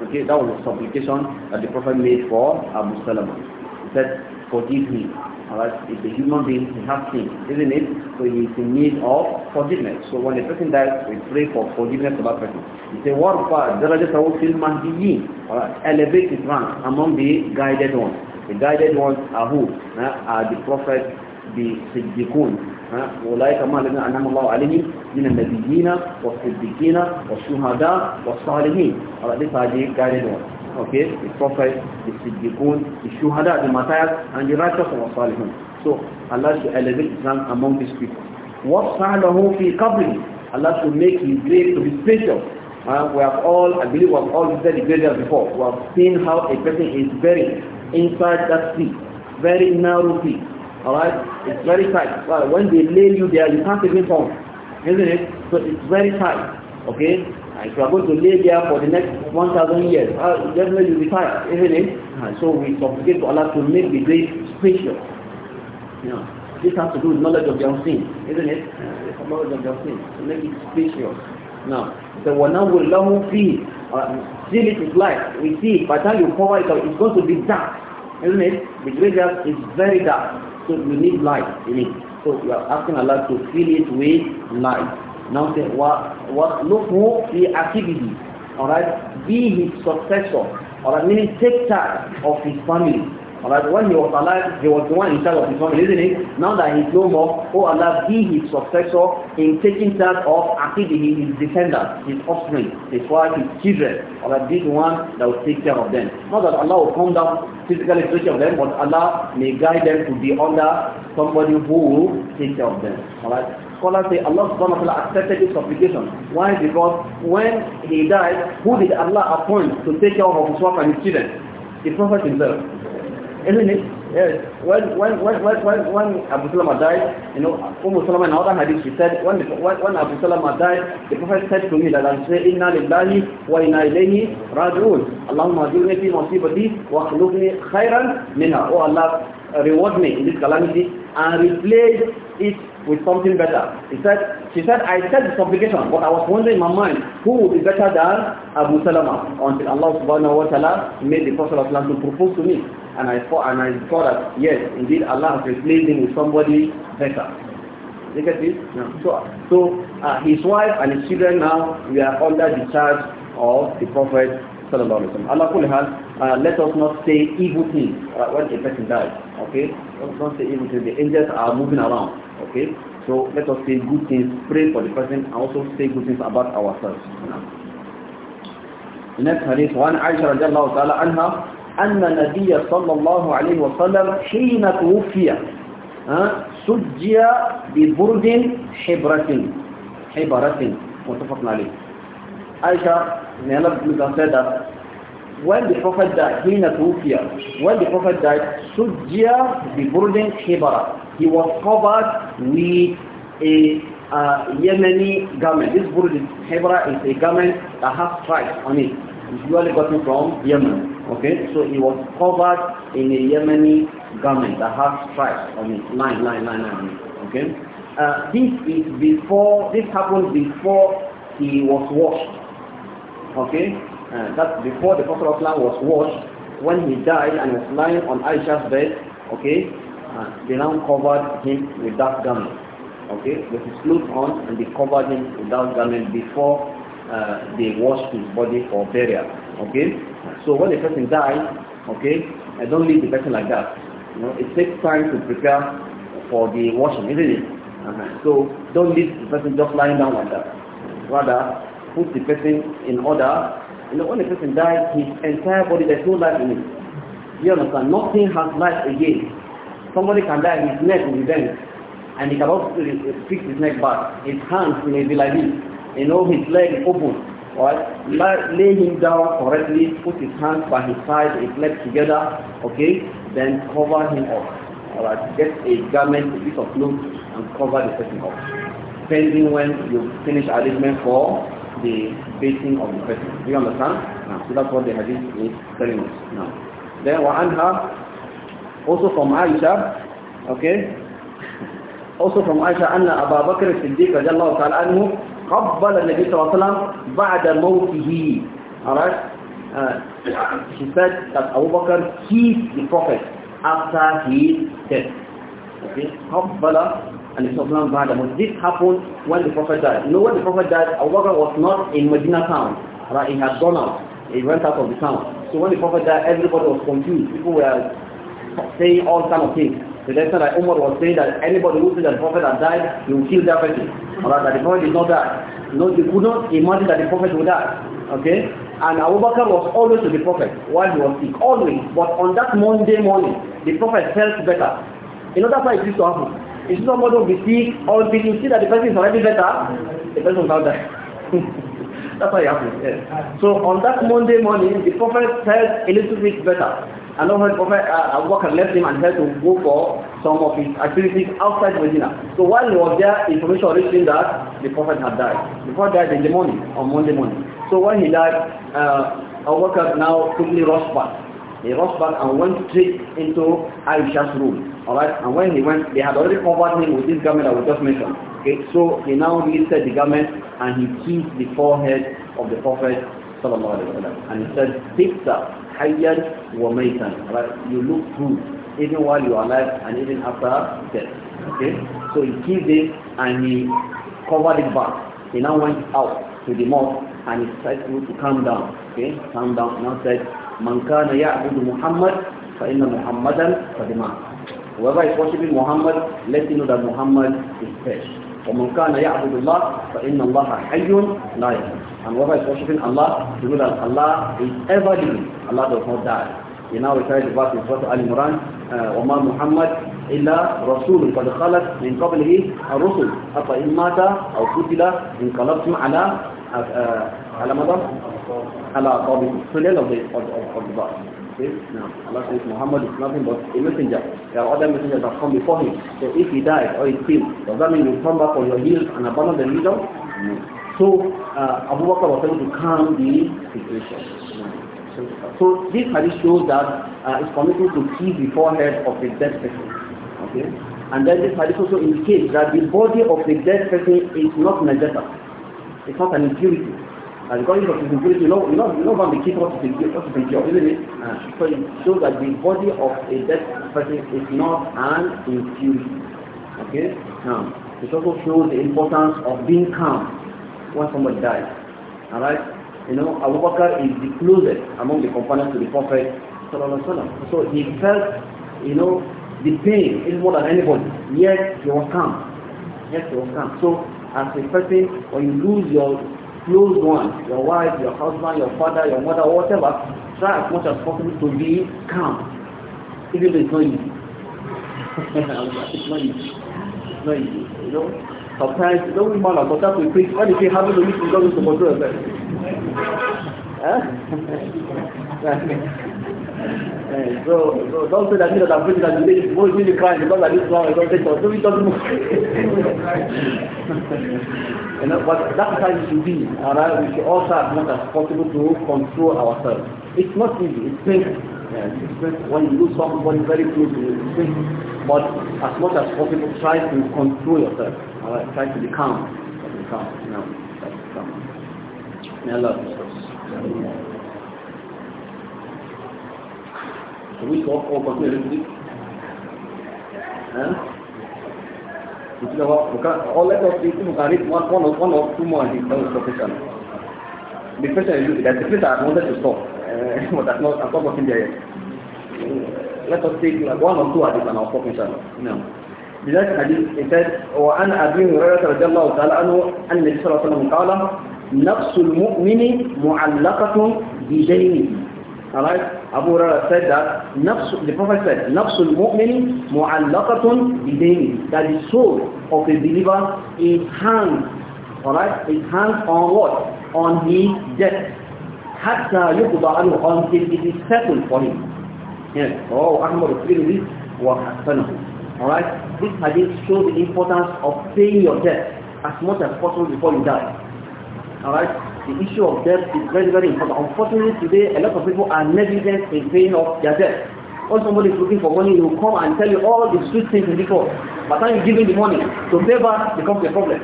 Okay, that was a supplication that the Prophet made for Abu Salama. He said, forgive me. Alright, it's a human being, he has sin, isn't it? So he is in need of forgiveness. So when a person dies, we pray for forgiveness of that person. He said, Warfa, Darajatahu fil Mahdiyin. Alright, elevate his rank among the guided ones. The guided ones are who? Uh, are the Prophet, the Siddiqun, أولئك ما الذين أنعم الله عليهم من النبيين والصديقين والشهداء والصالحين Alright, these are the guided ones. Okay, the prophets, the siddiqun, the shuhada, the matayas, and the righteous and salihun. So Allah should elevate Islam among these people. وَصَعْلَهُ فِي قَبْرِهِ Allah should make his grave to be special. Uh, we have all, I believe we have all said the burial before. We have seen how a person is buried inside that sea, very narrow sea. Alright? It's very tight. Well, when they lay you there, you can't even come. Isn't it? So it's very tight. Okay? And if you are going to lay there for the next 1,000 years, uh, definitely you'll be tired. Isn't it? And so we supplicate to Allah to make the grave spacious. You this has to do with knowledge of the sin. Isn't it? Uh, knowledge of the sin. To make it spacious. Now, the one now will long feel, seal it is like. We see it. By the time you cover it up, it's going to be dark. Isn't it? The graveyard is very dark. So you need light in it. So you are asking Allah to fill it with light. Now say, what, what, look more the activity. Alright? Be his successor. Alright? Meaning take charge of his family. Alright, when he was alive, he was the one in charge of his family, isn't it? Now that he's no more, oh Allah, be his successor in taking charge of Akidi, his descendants, his offspring, his wife, his children. Allah, be the one that will take care of them. Not that Allah will come down physically to take care of them, but Allah may guide them to be under somebody who will take care of them. Alright? Scholars say Allah subhanahu wa ta'ala accepted his supplication. Why? Because when he died, who did Allah appoint to take care of his wife and his children? The Prophet himself. isn't it? Yes. When when when when when, when Abu Salama died, you know, Umm Salama in other hadith she said, when, when when Abu Salama died, the Prophet said to me that I say, Inna lillahi wa inna ilayhi raji'un. Allahumma ajurni fi masibati wa akhlubni khayran minha. Oh Allah, reward me in this calamity and replace it with something better. He said, she said, I said this supplication, but I was wondering in my mind, who would be better than Abu Salama until Allah subhanahu wa ta'ala made the Prophet of to propose to me. And I thought, and I thought that, yes, indeed Allah has replaced him with somebody better. Look at this. Yeah. So, so uh, his wife and his children now, we are under the charge of the Prophet sallallahu alaihi wasallam. Allah uh, let us not say evil things uh, when a person dies. Okay, let us not say evil things. The angels are moving around. Okay, so let us say good things. Pray for the person and also say good things about ourselves. The next hadith, one Aisha radiallahu ta'ala anha, أن النبي صلى الله عليه وسلم حين توفي سجي ببرد حبرة حبرة متفق عليه Aisha, may Allah bless her, said that when the Prophet died, he Tufiya, when the Prophet died, Sujja the burden Hibara. He was covered with a uh, Yemeni garment. This burden Hibara is a garment that has stripes on it. It's usually gotten from Yemen. Okay, so he was covered in a Yemeni garment that has stripes on it. Line, line, line, line. Okay, uh, this is before. This happened before he was washed. Okay, uh, that before the Prophet was washed, when he died and was lying on Aisha's bed, okay, uh, they now covered him with that garment, okay, with his clothes on and they covered him with that garment before uh, they washed his body for burial, okay. So when a person dies, okay, I don't leave the person like that. You know, it takes time to prepare for the washing, isn't it? -huh. So don't leave the person just lying down like that. Rather, put the person in order and the only person dies, his entire body, there's no life in it. You understand? Nothing has life again. Somebody can die, his neck will be bent. And he cannot fix his neck back. His hands may be like this. You know, his leg open. Alright? Lay him down correctly, put his hands by his side, his legs together, okay? Then cover him up. Alright? Get a garment, a piece of clothes, and cover the person up. Depending when you finish arrangement for the facing of the person. Do you understand? No. So that's what the hadith is telling us. Now, then وعنها also from Aisha, okay? Also from Aisha, Anna Abu Bakr الصديق رضي الله تعالى عنه قبل النبي صلى الله عليه وسلم بعد موته. Alright? Uh, she said that Abu Bakr kissed the Prophet after his death. Okay? قبل and the Sultan had But this happened when the Prophet died. You know when the Prophet died, Abu Bakr was not in Medina town. Right? He had gone out. He went out of the town. So when the Prophet died, everybody was confused. People were saying all kind of things. So that's that Umar was saying that anybody who said that the Prophet had died, he will kill that person. Alright, that the Prophet did not die. You no, know, they could not imagine that the Prophet would die. Okay? And Abu Bakr was always with the Prophet while he was sick, always. But on that Monday morning, the Prophet felt better. You know, that's why it used to happen. If somebody will be sick or if you see that the person is already better, the person will die. That's what happens. Yes. So on that Monday morning, the prophet said a little bit better. And over the prophet uh, Abu Bakr left him and had to go for some of his activities outside Medina. So while he was there, information reached him that the prophet had died. The prophet died in the morning, on Monday morning. So when he died, uh, Abu Bakr now quickly rushed back the husband and went straight into Aisha's room. Alright, and when he went, they had already covered him with this garment that we just mentioned. Okay, so he now lifted the garment and he kissed the forehead of the Prophet and he said, Pizza, Hayyan wa Maitan. Alright, you look good even while you are alive and even after death. Okay, so he kissed it and he covered it back. He now went out to the mosque and he said to calm down. Okay, calm down. now said, من كان يعبد محمد فإن محمدا قد مات whoever is worshiping Muhammad let him know that Muhammad is dead ومن كان يعبد الله فإن الله حي لا يموت and whoever is worshiping Allah to know that Allah is ever living Allah does not die you know we try to verse in Surah Al-Imran وما محمد إلا رسول قد خلت من قبله الرسل أفإن مات أو قتل انقلبتم على على ماذا؟ Allah or the of the of, of, of the verse. Okay? Now, Allah says Muhammad is nothing but a messenger. There are other messengers that come before him. So if he dies or he killed, does that mean you come back on your heels and abandon the religion? So uh, Abu Bakr was able to calm the situation. So this hadith shows that uh, it's permitted to keep the forehead of the dead person. Okay? And then this hadith also indicates that the body of the dead person is not najasa. It's not an impurity. And because of disintegration, you know, you know, you know about the key what to isn't it? Uh, so it shows that the body of a dead person is not an impurity. Okay? Now, it also shows the importance of being calm when somebody dies. Alright? You know, Abu Bakr is the closest among the companions to the Prophet. So he felt, you know, the pain is more than anybody. Yet he was calm. Yes, he was calm. So as a person, when you lose your close one, your wife, your husband, your father, your mother, whatever, try as much as possible to be calm. Even though it's not easy. it's not easy. It's not easy. You know? Sometimes it doesn't matter, but that will preach. What if you happen to meet with God with the mother of so, eh, so don't say that you know that preaching that today is most really crying because of this one don't take so we do not move. you know, but that's how it should be. Alright, we should also as much as possible to control ourselves. It's not easy, it's painful. Yeah, When you lose somebody very close to you, it's painful. But as much as possible try to control yourself. Alright, try to be calm. Try to be calm, you know. Try to be calm. May Allah bless us. تقولش وقف وقف يا رجل ها مثل هو وكان اول لك في اسمه قريب ما كان هو كان هو ما هي الحديث انتهت وعن ابي هريره رضي الله تعالى عنه ان النبي صلى الله عليه وسلم قال نفس المؤمن معلقه بدينه Abu Huraira said that nafs, the Prophet said, Nafsul mu'min mu'allaqatun bidaini. That the soul of a believer is hung, alright, is hung on what? On his death. Hatta yuqda anhu until it is settled for him. Yes. Oh, Ahmad Tirmidhi wa hasanahu. Alright? This hadith shows the importance of paying your debt as much as possible before you die. Alright? the issue of debt is very, very important. Unfortunately, today, a lot of people are negligent in paying off their debt. When somebody is looking for money, he will come and tell you all the sweet things in the world. But then you give him the money to pay back becomes a problem.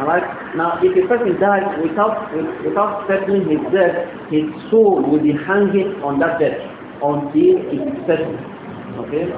Alright? Now, if a person dies without, without settling his debt, his soul will be hanging on that debt until it is settled. Okay?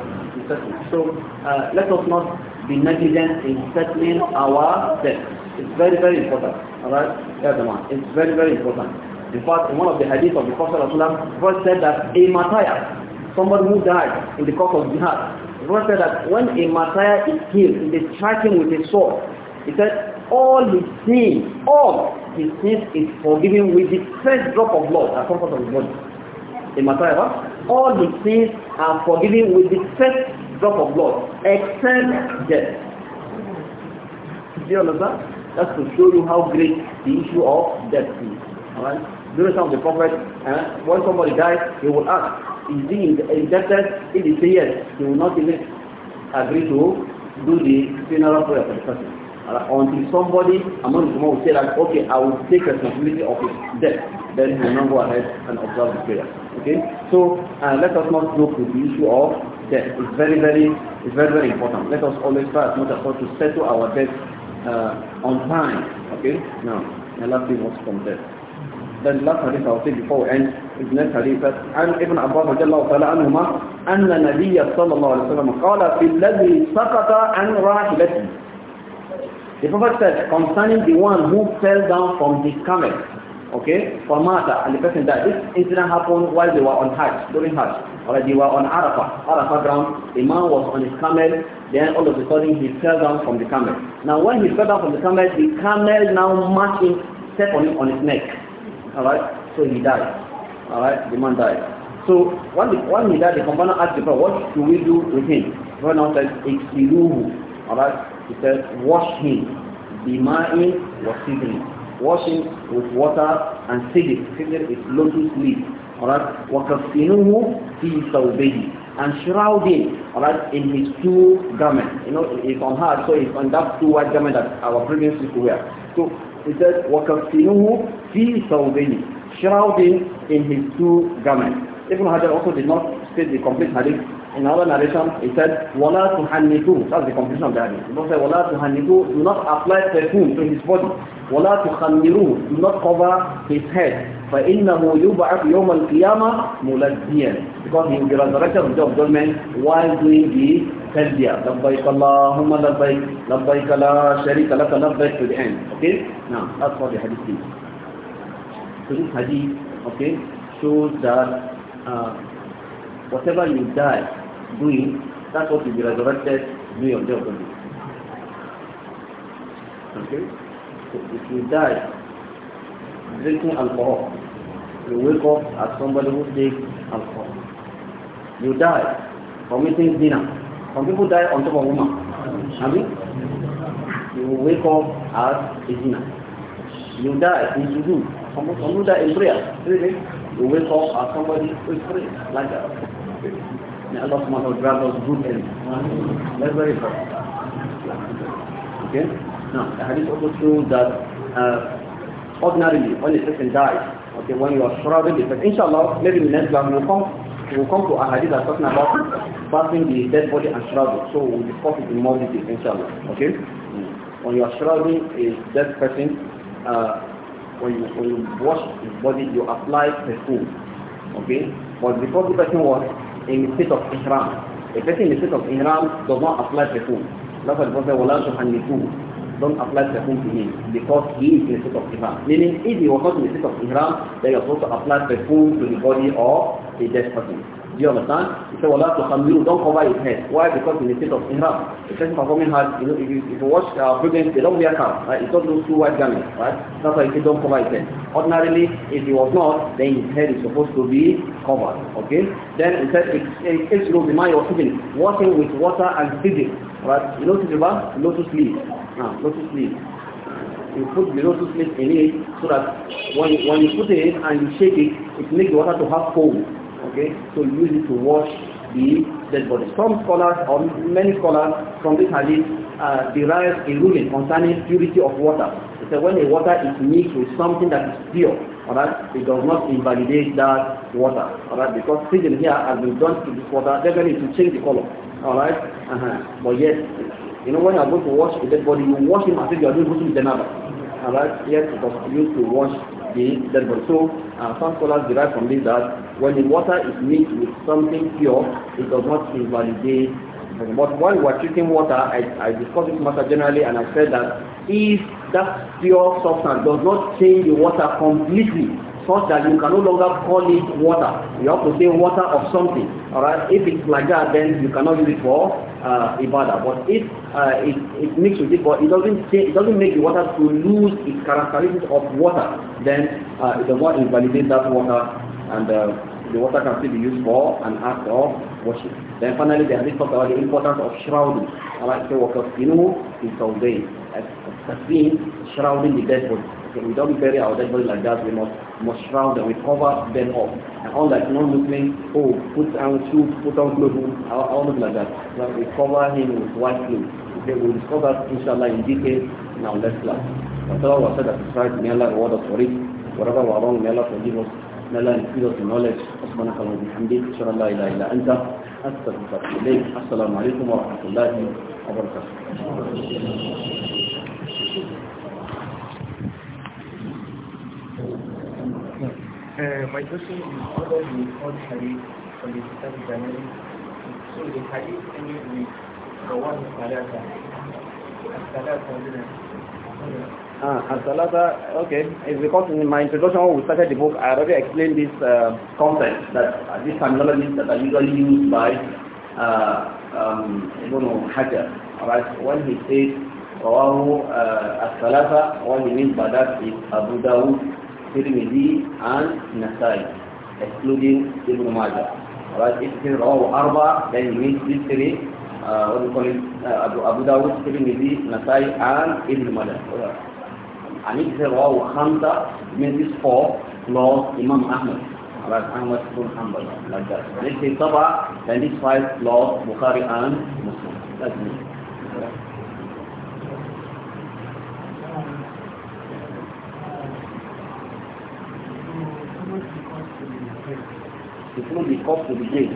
So, uh, let us not be negligent in settling our debt. It's very, very important. Alright? Everyone. It's very, very important. In fact, in one of the hadith of the Prophet Rasulullah, Prophet said that a Matayah, somebody who died in the cause of jihad, the Prophet said that when a Matayah is killed and they strike with a sword, he said all his sins, all his sins is forgiven with the first drop of blood that comes out of his body. A Matayah, all his sins are forgiven with the first drop of blood except death. Do you understand? Just to show you how great the issue of death is. Alright? During some of the Prophet, uh, eh? when somebody dies, he will ask, is he indebted? If he says yes, he will not even agree to do the funeral prayer for the person. Until somebody among the will say "Like, okay, I will take responsibility of his death. Then he will not go ahead and observe the prayer. Okay? So, uh, let us not look to the issue of death. It's very, very, it's very, very important. Let us always try as much as possible to settle our debts uh, on time. Okay? Now, Allah be most content. Then last hadith I'll say before we end is next hadith that عن ابن عباس رضي الله تعالى عنهما أن النبي صلى الله عليه وسلم قال في الذي The Prophet said concerning the one who fell down from his camel Okay? For Mata, and the person that This incident happened while they were on Hajj, during Hajj. Or they were on Arafah, Arafah ground. The man was on his camel, then all of a sudden he fell down from the camel. Now when he fell down from the camel, the camel now marching step on him on his neck. Alright? So he died. Alright? The man died. So when, the, when he died, the companion asked the Prophet, what should we do with him? The now said, Iksiluhu. Alright? He said, wash him. Bima'in wa sidrin. Washing with water and sidr. Sidr is lotus leaf. Alright? وَكَفِّنُهُ فِي ثَوْبَيْهِ and shrouding, alright, in his two garments. You know, it's on her, so it's on that two white garment that our previous people wear. So it says, وَكَفِّنُهُ فِي ثَوْبَيْهِ Shroud him in his two garments. Ibn Hajar also did not state the complete hadith in our narration, he said, wala تُحَنِّتُوا That's the conclusion of the hadith. The Prophet said, وَلَا تُحَنِّتُوا Do not apply perfume to his body. wala tuhanniru Do not cover his head. فَإِنَّهُ يُبْعَثْ يَوْمَ الْقِيَامَةِ مُلَذِّيًا Because he will be resurrected with the of judgment while doing the talbiyah. لَبَّيْكَ اللَّهُمَّ لَبَّيْكَ لَبَّيْكَ لَا شَرِيكَ لَكَ لَبَّيْكَ to the end. Okay? Now, that's what the hadith is. So this hadith, okay, shows that uh, whatever you die doing, that's what will be resurrected doing of the opposite. Okay? if you die drinking alcohol, you wake up as somebody who takes alcohol. You die committing dinner. Some people die on top of woman. I mean, you wake up as a dinner. You die in Suzu. Some, some people die in prayer. Really? You wake up as somebody who is praying like that. May Allah subhanahu wa grant us good health. That's very important. Okay? Now, the hadith also shows that uh, ordinarily when a person dies, okay, when you are shrouded, but inshallah, maybe the next class we'll come, we'll come to a hadith that's talking about passing the dead body and shrouded. So we'll discuss it in more detail, inshallah. Okay? Mm. When you are shrouding a dead person, uh, when you, when you wash his body, you apply perfume. Okay? But before the person was in the state of ihram. A person in the state of ihram does not apply perfume. That's what the Prophet said, وَلَا تُحَنِّكُوا don't apply perfume to him because he is in the state of ihram. Meaning, if he was not in the state of ihram, then you are supposed to apply perfume to the body of the dead person. Do you understand? He said, to تخملوا تُخَمِّلُوا Don't cover his head. Why? Because in the state of ihram. The person performing has, you know, if you, if you watch uh, Britain, they don't wear cap, right? It's not those two white garments, right? That's why he said, don't cover his head. Ordinarily, if he was not, then his head is supposed to be covered, okay? Then he said, it's you're sitting, Washing with water and feeding, right? You know, Tijuba, lotus leaves. Now, lotus leaf. You put the lotus leaf in it so that when, when you put it and you shake it, it makes the water to have foam. Okay? So you use it to wash the dead body. Some scholars or many scholars from this hadith uh, derive a ruling concerning purity of water. They say when a water is mixed with something that is pure, alright, it does not invalidate that water. Alright, because treating here has been done to this water, going to change the color. Alright? Uh -huh. But yes, you know, when you are going to wash a dead body, you wash him as if you are doing ghusl janaba. And that yet it was used to wash the dead body. So uh, some scholars derive from this that when the water is mixed with something pure, it does not invalidate but while we're treating water, I, I discussed this matter generally and I said that if that pure substance does not change the water completely, such that you can no longer call it water. You have to say water of something. All right. If it's like that, then you cannot use it for uh, ibadah. But if uh, it, it mixed with it, but it doesn't say, it doesn't make the water to lose its characteristics of water, then uh, it does not invalidate that water, and uh, the water can still be used for an act of worship. Then finally, they have talks about the importance of shrouding. All right. So, what you know is all day. As, as, shrouding the dead body. So we don't bury our dead body like that. We must, must shroud them. We cover them up. And all that non-Muslim, oh, put on shoes, put on clothes, all, all like that. But we cover him with white clothes. Okay, we'll discuss that, inshallah, in detail in our next class. Allah was said that: this right, may Allah reward us for it. Whatever we are wrong, may Allah forgive us. May Allah increase us in knowledge. سبحانك اللهم وبحمدك اشهد ان لا اله الا انت استغفرك اليك السلام عليكم Eh, my question is hadith from the Kitab Jamali so the hadith the one Salata. Ah, Salata, okay. It's because in my introduction when we started the book, I already explained this uh, concept that uh, these terminologies that are usually used by uh, um, Ibn Hajar, right? When he says Rawahu uh, salata what he means by that is Abu Dawud Tirmidhi and Nasai, excluding Ibn Majah. Alright, if it's Raw Arba, then you means three, uh, what do you call it, uh, Abu, Dawud, Tirmidhi, Nasai and Ibn Majah. Right. And if it's Raw Hamza, it means these four, plus Imam Ahmad. Alright, Ahmad ibn Hanbal, like that. And if it's Taba, then five plus Bukhari and Muslim. That's me. to fill the cup to the grave.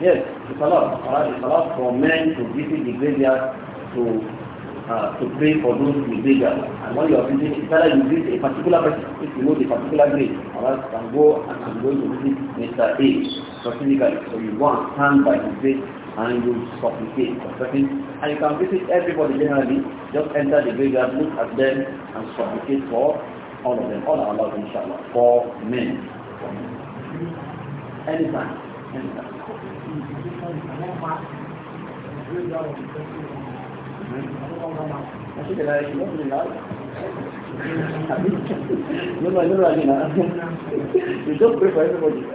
Yes, it's allowed. Right? It's a lot for men to visit the graveyard to uh, to pray for those in the graveyard. And when you are visiting, it's better you visit a particular person if you know the particular grave. Alright, can go and I'm going to visit Mr. A specifically. So you go and stand by the grave and you supplicate for and you can visit everybody generally just enter the graveyard look at them and supplicate for all of them all our love inshallah for men anytime no, no, no, no, no. You don't pray for everybody. You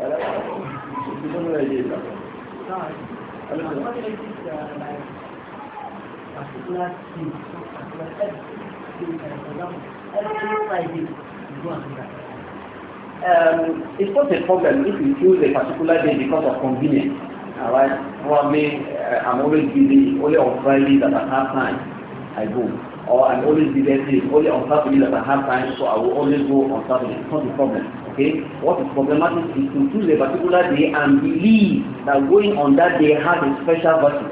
don't know what I did. Um, it's not a problem if you choose a particular day because of convenience. All right, probably uh, I'm always busy. Only on Friday that I have time, I go. Or I'm always busy. Only on Saturday that I have time, so I will always go on Saturday. It's not a problem. Okay? What is problematic is to choose a particular day and believe that going on that day has a special virtue.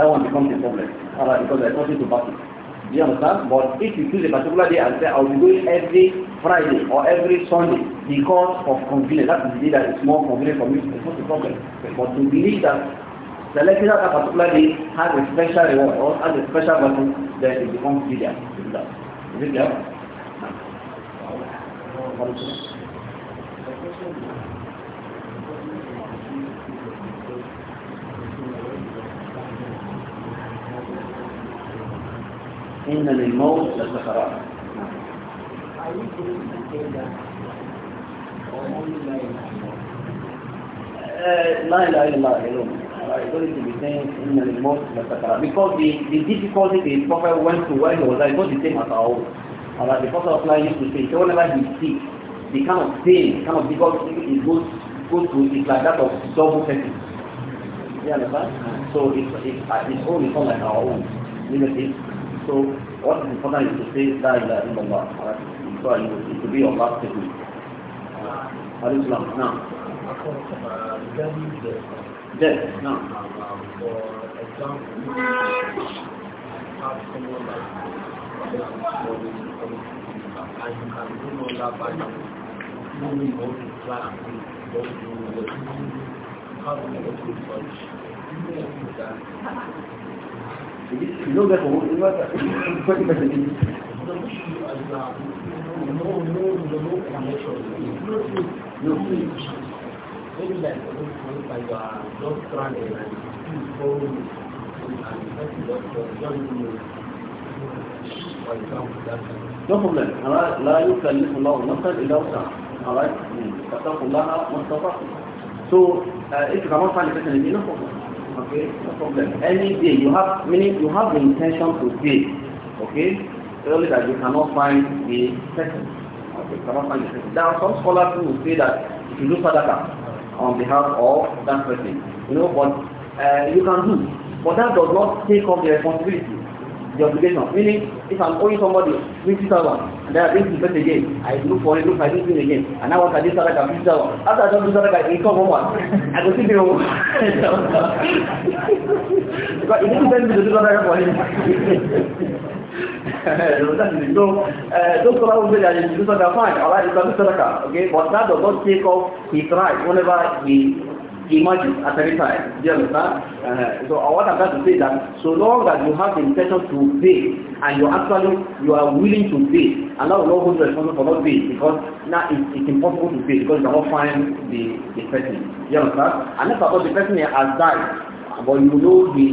That one becomes a problem. alright? because there's nothing to battle. Do you understand? But if you choose a particular day and say, I'll be going every Friday or every Sunday because of convenience, that is the day that is more convenient for me, it's not a problem. But to believe that selecting that particular day has a special reward or has a special virtue, then it becomes serious. Is it clear? إن للموت لسكرات لا إله إلا الله alone. I going to be saying in the most Masakara because the, the difficulty the Prophet went to when he was at was the same as our own. Alright, the Prophet of Allah used to say, so whenever he sick, the kind of pain, kind of difficulty he goes, goes to is like that of double testing. You understand? So it's, it's, it's, it's own, like our own. You know, So what is important is to say La ilaha illallah. Right? So I will it to be your last statement. Uh, Islam. Now. Death. Now. For example, have someone like you can no longer buy them. You will go to try and don't do it. How do you go to no problem لا لا يكلف الله نفسا الا وسعها alright فتقول لها ما استطعت so uh, انت كمان فعلت كده نفس الموضوع Okay, no problem. Any day you have meaning you have the intention to pay. Okay, only that you cannot find the second, Okay, you cannot find the second. There are some scholars who will say that if you do sadaqah on behalf of that person, you know, but uh, you can do, but that does not take off the responsibility. The obligation. Meaning, if I'm owing somebody 50,000, and then I bring the again, I look for it, look for it, again, and now once I did Sadaka, 50,000. After I don't do Sadaka, it come home one. I go see the Because it didn't send me to do Sadaka for him. so, uh, those people who say that you do Sadaka, fine, alright, you can do Sadaka, okay? But that does not take off his right whenever he emerges at any time. Do you understand? Uh-huh. Uh, so what I'm trying to say that so long as you have the intention to pay and you actually you are willing to pay, Allah will not hold you responsible for not paying because now it's, it's impossible to pay because you cannot find the, the person. Do you understand? Unless suppose the person has died, but you know his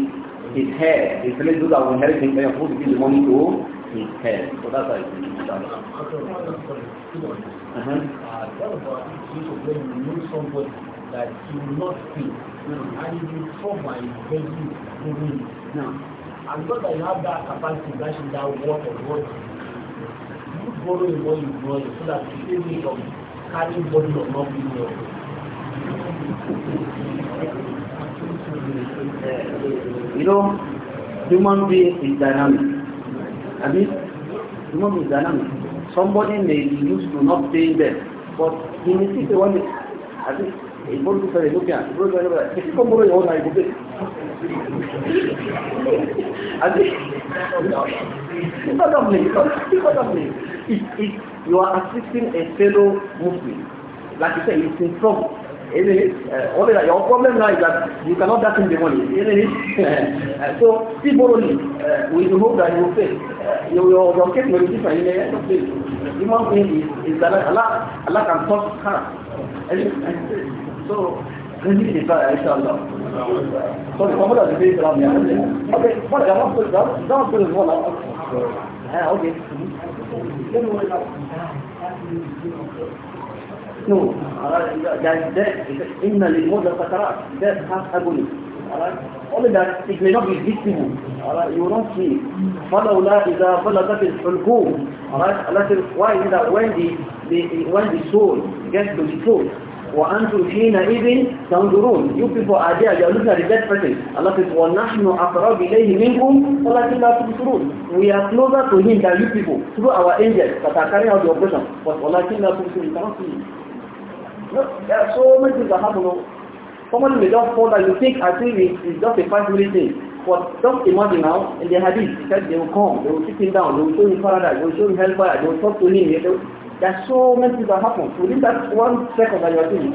his hair, his relatives that will inherit him, then you're supposed to give the money to his hair. So that's how it is. Uh-huh. Uh, that he will not pay. Now, hmm. and he will suffer his begging moving. Now, and because I have that capacity, that should that work and You borrow a money borrow so that you save me from carrying body of not being well. You know, human being is dynamic. I mean, human being is dynamic. Somebody may be used to not paying them, but he may see the one. I think El board is looking at, the board is looking at, the people borrow your you are assisting a fellow Muslim. Like you said, it's in trouble. Isn't it? Uh, only that your problem now is that you cannot get darken the money, isn't uh, so, people only, uh, we hope that you will say, Uh, your, your, your case will be different, you may end up failing. The human thing is, is that Allah, Allah can touch her. And, and, So, رزق الكفاية إن شاء الله. Sorry, what are the days around me? Okay, what I want to do, don't do this one. Yeah, okay. No, that, that, إن للمدة فترات, that has agony. All that it may not be visible. You don't see. فلولا إذا بلغت الحلقوم. Alright, and that is why is that when the, the when the soul gets to the soul, وأنتم حينئذ تنظرون You people are there, you are looking at the dead person. Allah says, وَنَحْنُ أَقْرَبُ إِلَيْهِ مِنْكُمْ وَلَكِنْ لَا تُبْصِرُونَ We are closer to him than you people, through our angels that are carrying out the operation. But وَلَكِنْ لَا تُبْصِرُونَ You cannot see him. Look, there are so many things that happen. Somebody may just fall that you think, I think it's, it's just a five-minute thing. But just imagine now, in the hadith, he said they will come, they will sit him down, they will show him paradise, they will show him hellfire, they will talk to him, they will There are so many things that happen within that one second that you are doing.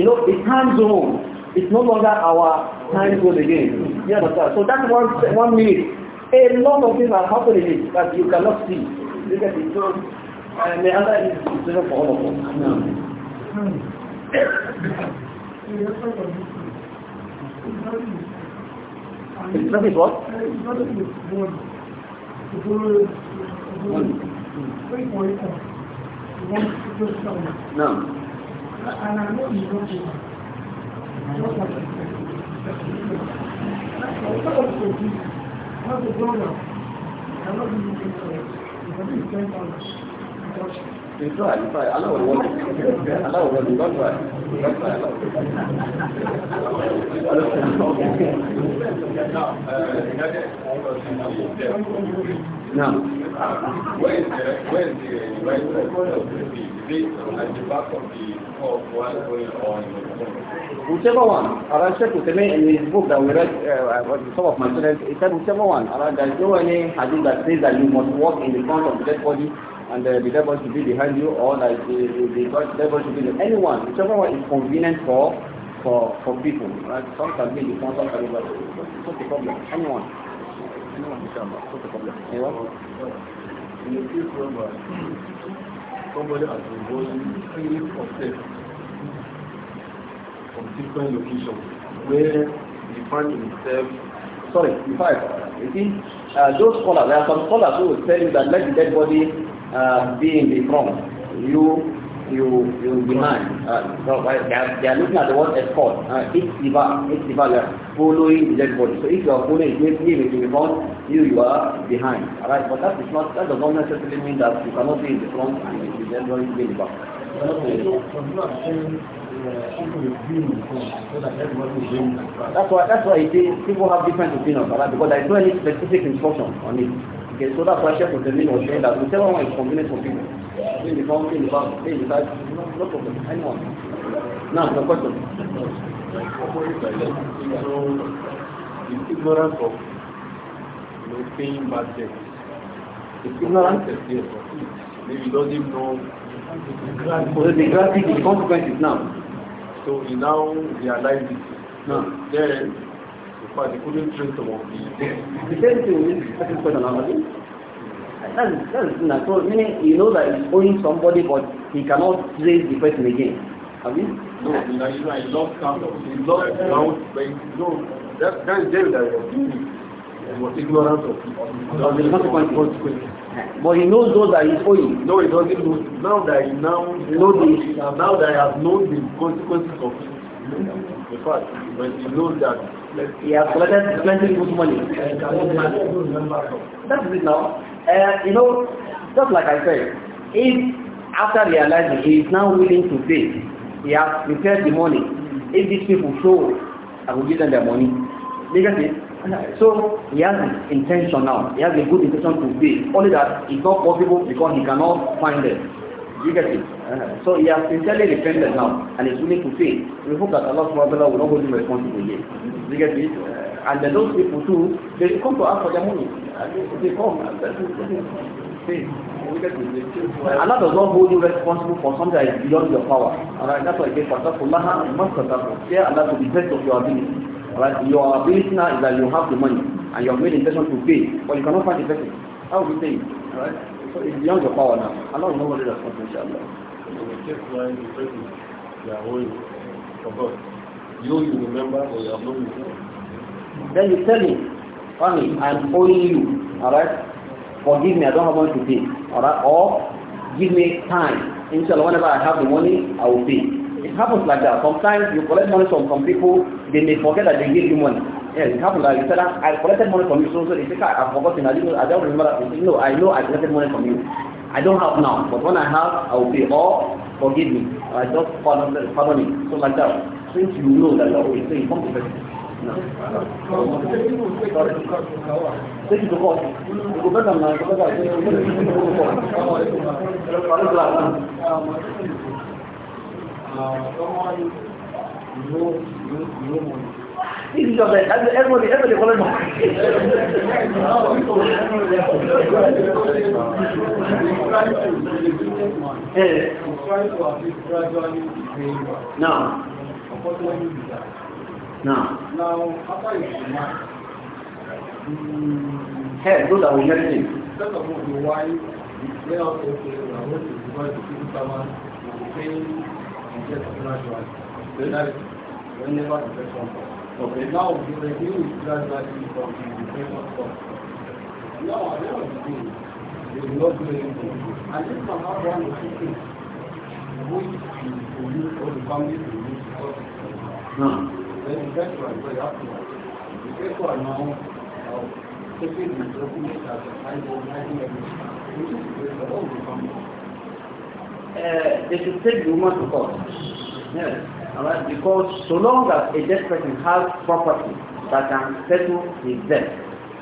You know, it time zone it's no longer our time zone again. You understand? So that one one minute. A lot of things are happening that you cannot see. Look at it. and the other is different for all of us. No. Hmm. It's what? It's what? نعم أنا مؤمن يطلع يطلع على اول على اول يطلع يطلع نعم Where is the, where is the right the one going on? Whichever one. in his book that we read uh, some uh, of my students, he said whichever one. Aran, there is no any hadith that says that you must walk in the front of the dead body and uh, the devil body should be behind you or that the, the, the dead should be anyone. Whichever one is convenient for for for people. Right? Some can be the front, some can be the back. It's not problem. Anyone. Anyone, problem. Anyone? in the case number, uh, somebody has been going series of tests from different locations where he find himself. Sorry, in fact, you see, uh, those scholars, there are some scholars who will tell you that let the dead body uh, be in the front. You you you demand. Uh, so uh, they are, they are looking at the word escort. Uh, diva, iktiba, diva, you are following the dead body. So if you are following, it means him, it will be front, you, you are behind. Alright, but that is not, that does not necessarily mean that you cannot be in the front and the dead body will be in the back. That's why, that's why it is, people have different opinions, alright, because there is no any specific instruction on it. que toda a faixa por termine on change não Whichever one is convenient for people. Pay the phone, pay não não pay não, não não no não. Não, não the question. So, não ignorance of ignorante know, não bad não. não ignorance of yes, não. doesn't know. So the não. the consequences now. So he não realizes. because the couldn't trace some the same thing with the second person normally. That's that's not so meaning you know that he's owing somebody but he cannot raise the person again. Have you? No, you know, he lost count. love sound of you love sound but no, know that that is there that you're doing and was ignorant of the consequences. But he knows those that he's owing. No, he doesn't know. Now that he now knows this, now that I have known the consequences of it, the fact, but he knows that he has collected plenty good money. That's it now. Uh, you know, just like I said, if after realizing he is now willing to pay, he has prepared the money. If these people show, I will give them their money. They get So he has intention now. He has a good intention to pay. Only that it's not possible because he cannot find it. You get it? So he has sincerely repented now and is willing to pay. We hope that Allah subhanahu wa ta'ala will not hold him responsible again. You get it? and then those people too, they come to ask for their money. And uh, they, come uh, and Allah does not hold you responsible for something that is beyond your power. Alright, that's why I say, Fatakullah, Maskataku. Fear Allah to the best of your ability. Alright, your ability now is that you have the money and you have made intention to pay, but you cannot find the person. How would you say Alright? So it's beyond your power now. Allah will not worry about inshallah. You you remember or you have Then you tell me, honey, I'm owing you, alright? Forgive me, I don't have money to pay. Alright? Or give me time. Inshallah, whenever I have the money, I will pay. It happens like that. Sometimes you collect money from some people, they may forget that they gave you money. Yeah, it happened. Like you said, I collected money from you, so, so they say, I've forgotten. I, did I don't remember. that say, no, I know I collected money from you. I don't have now, but when I have, I will pay. Or forgive me. I just pardon, pardon me. So like that. Since you know that oh, you are always saying, come to person. No. Sorry. Take it to court. Go back knows, knows, knows. This is just like, everybody, everybody Okay, now the review is gradually from the famous court. No, I the end of not do anything. And this can have one of things, which is to use for the family to use the court. Then the first one, very afterwards. The first one now, taking the document as a kind of hiding evidence, which is great for all the family. Uh, they should take the human to Yes. Alright, because so long as a dead person has property that can settle his debt,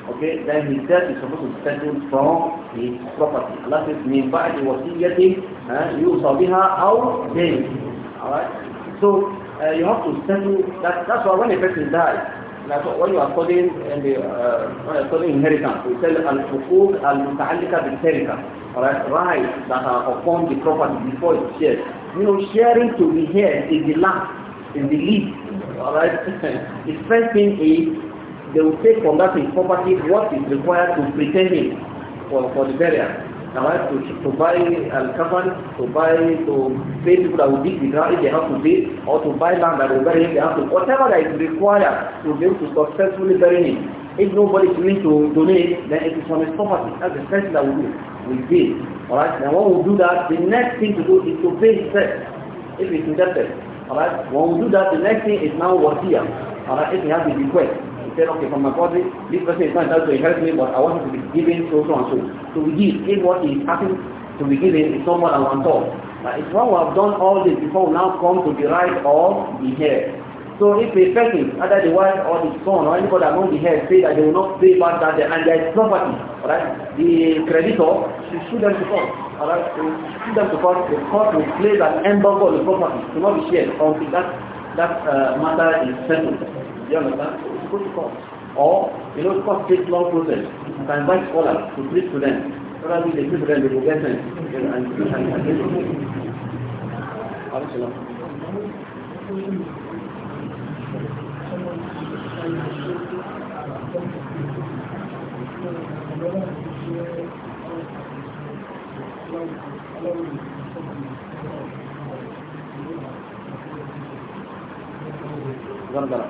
okay, then his debt is supposed to be settled from his property. Allah says, من getting, you saw بها أو دين. Alright, so uh, you have to settle. That, that's why when a person dies, that's why when you are studying in the uh, when you are studying inheritance, we tell al-fuqud al-muta'allika bil-terika. Alright, rights that are upon the property before it's shared. You know, sharing to be here is the last, is the least. Alright? the first thing is they will take from that property what is required to pretend it for, for the burial. Alright, to, to buy a kafan to buy, to pay people that will dig the ground if they have to dig, or to buy land that will bury if they have to, whatever that is required to be able to successfully bury him. If nobody is willing to donate, then it is from his property. That's the first thing that we do will be. Alright, now one will do that, the next thing to do is to pay his debt, if he's indebted. Alright, one will do that, the next thing is now what here, Alright, if he has a request. He said, okay, from my body, this person is not entitled to inherit me, but I want him to be given so, so and so. So we give, if what he is asking to be given is somewhat untoward. Now, if what we have done all this before now come to the right of the heir. So if a person, either the wife or the son or anybody among the head, say that they will not pay back that and there is property, alright, the creditor should sue them to court, alright, so sue them to court, the court will place an embargo on the property to not be shared until that, that uh, matter is settled. You understand? So it's to court. Or, you know, court takes long process. You can invite scholars to plead to them. Probably they preach to them, they will get them. And, and, and, and, and, and, and, gargara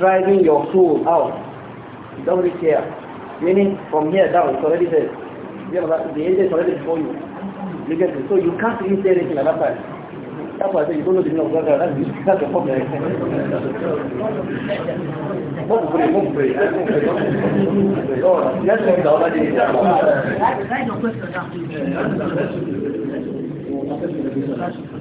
driving your soul out. You don't really care. Meaning from here down, it's already there. You know, the angel is already before you. You get it. So you can't really say anything at that time. That's why I say you don't know the meaning of God. That's, that's the problem. Move pray, move pray. Oh, let's go down. That's your question now.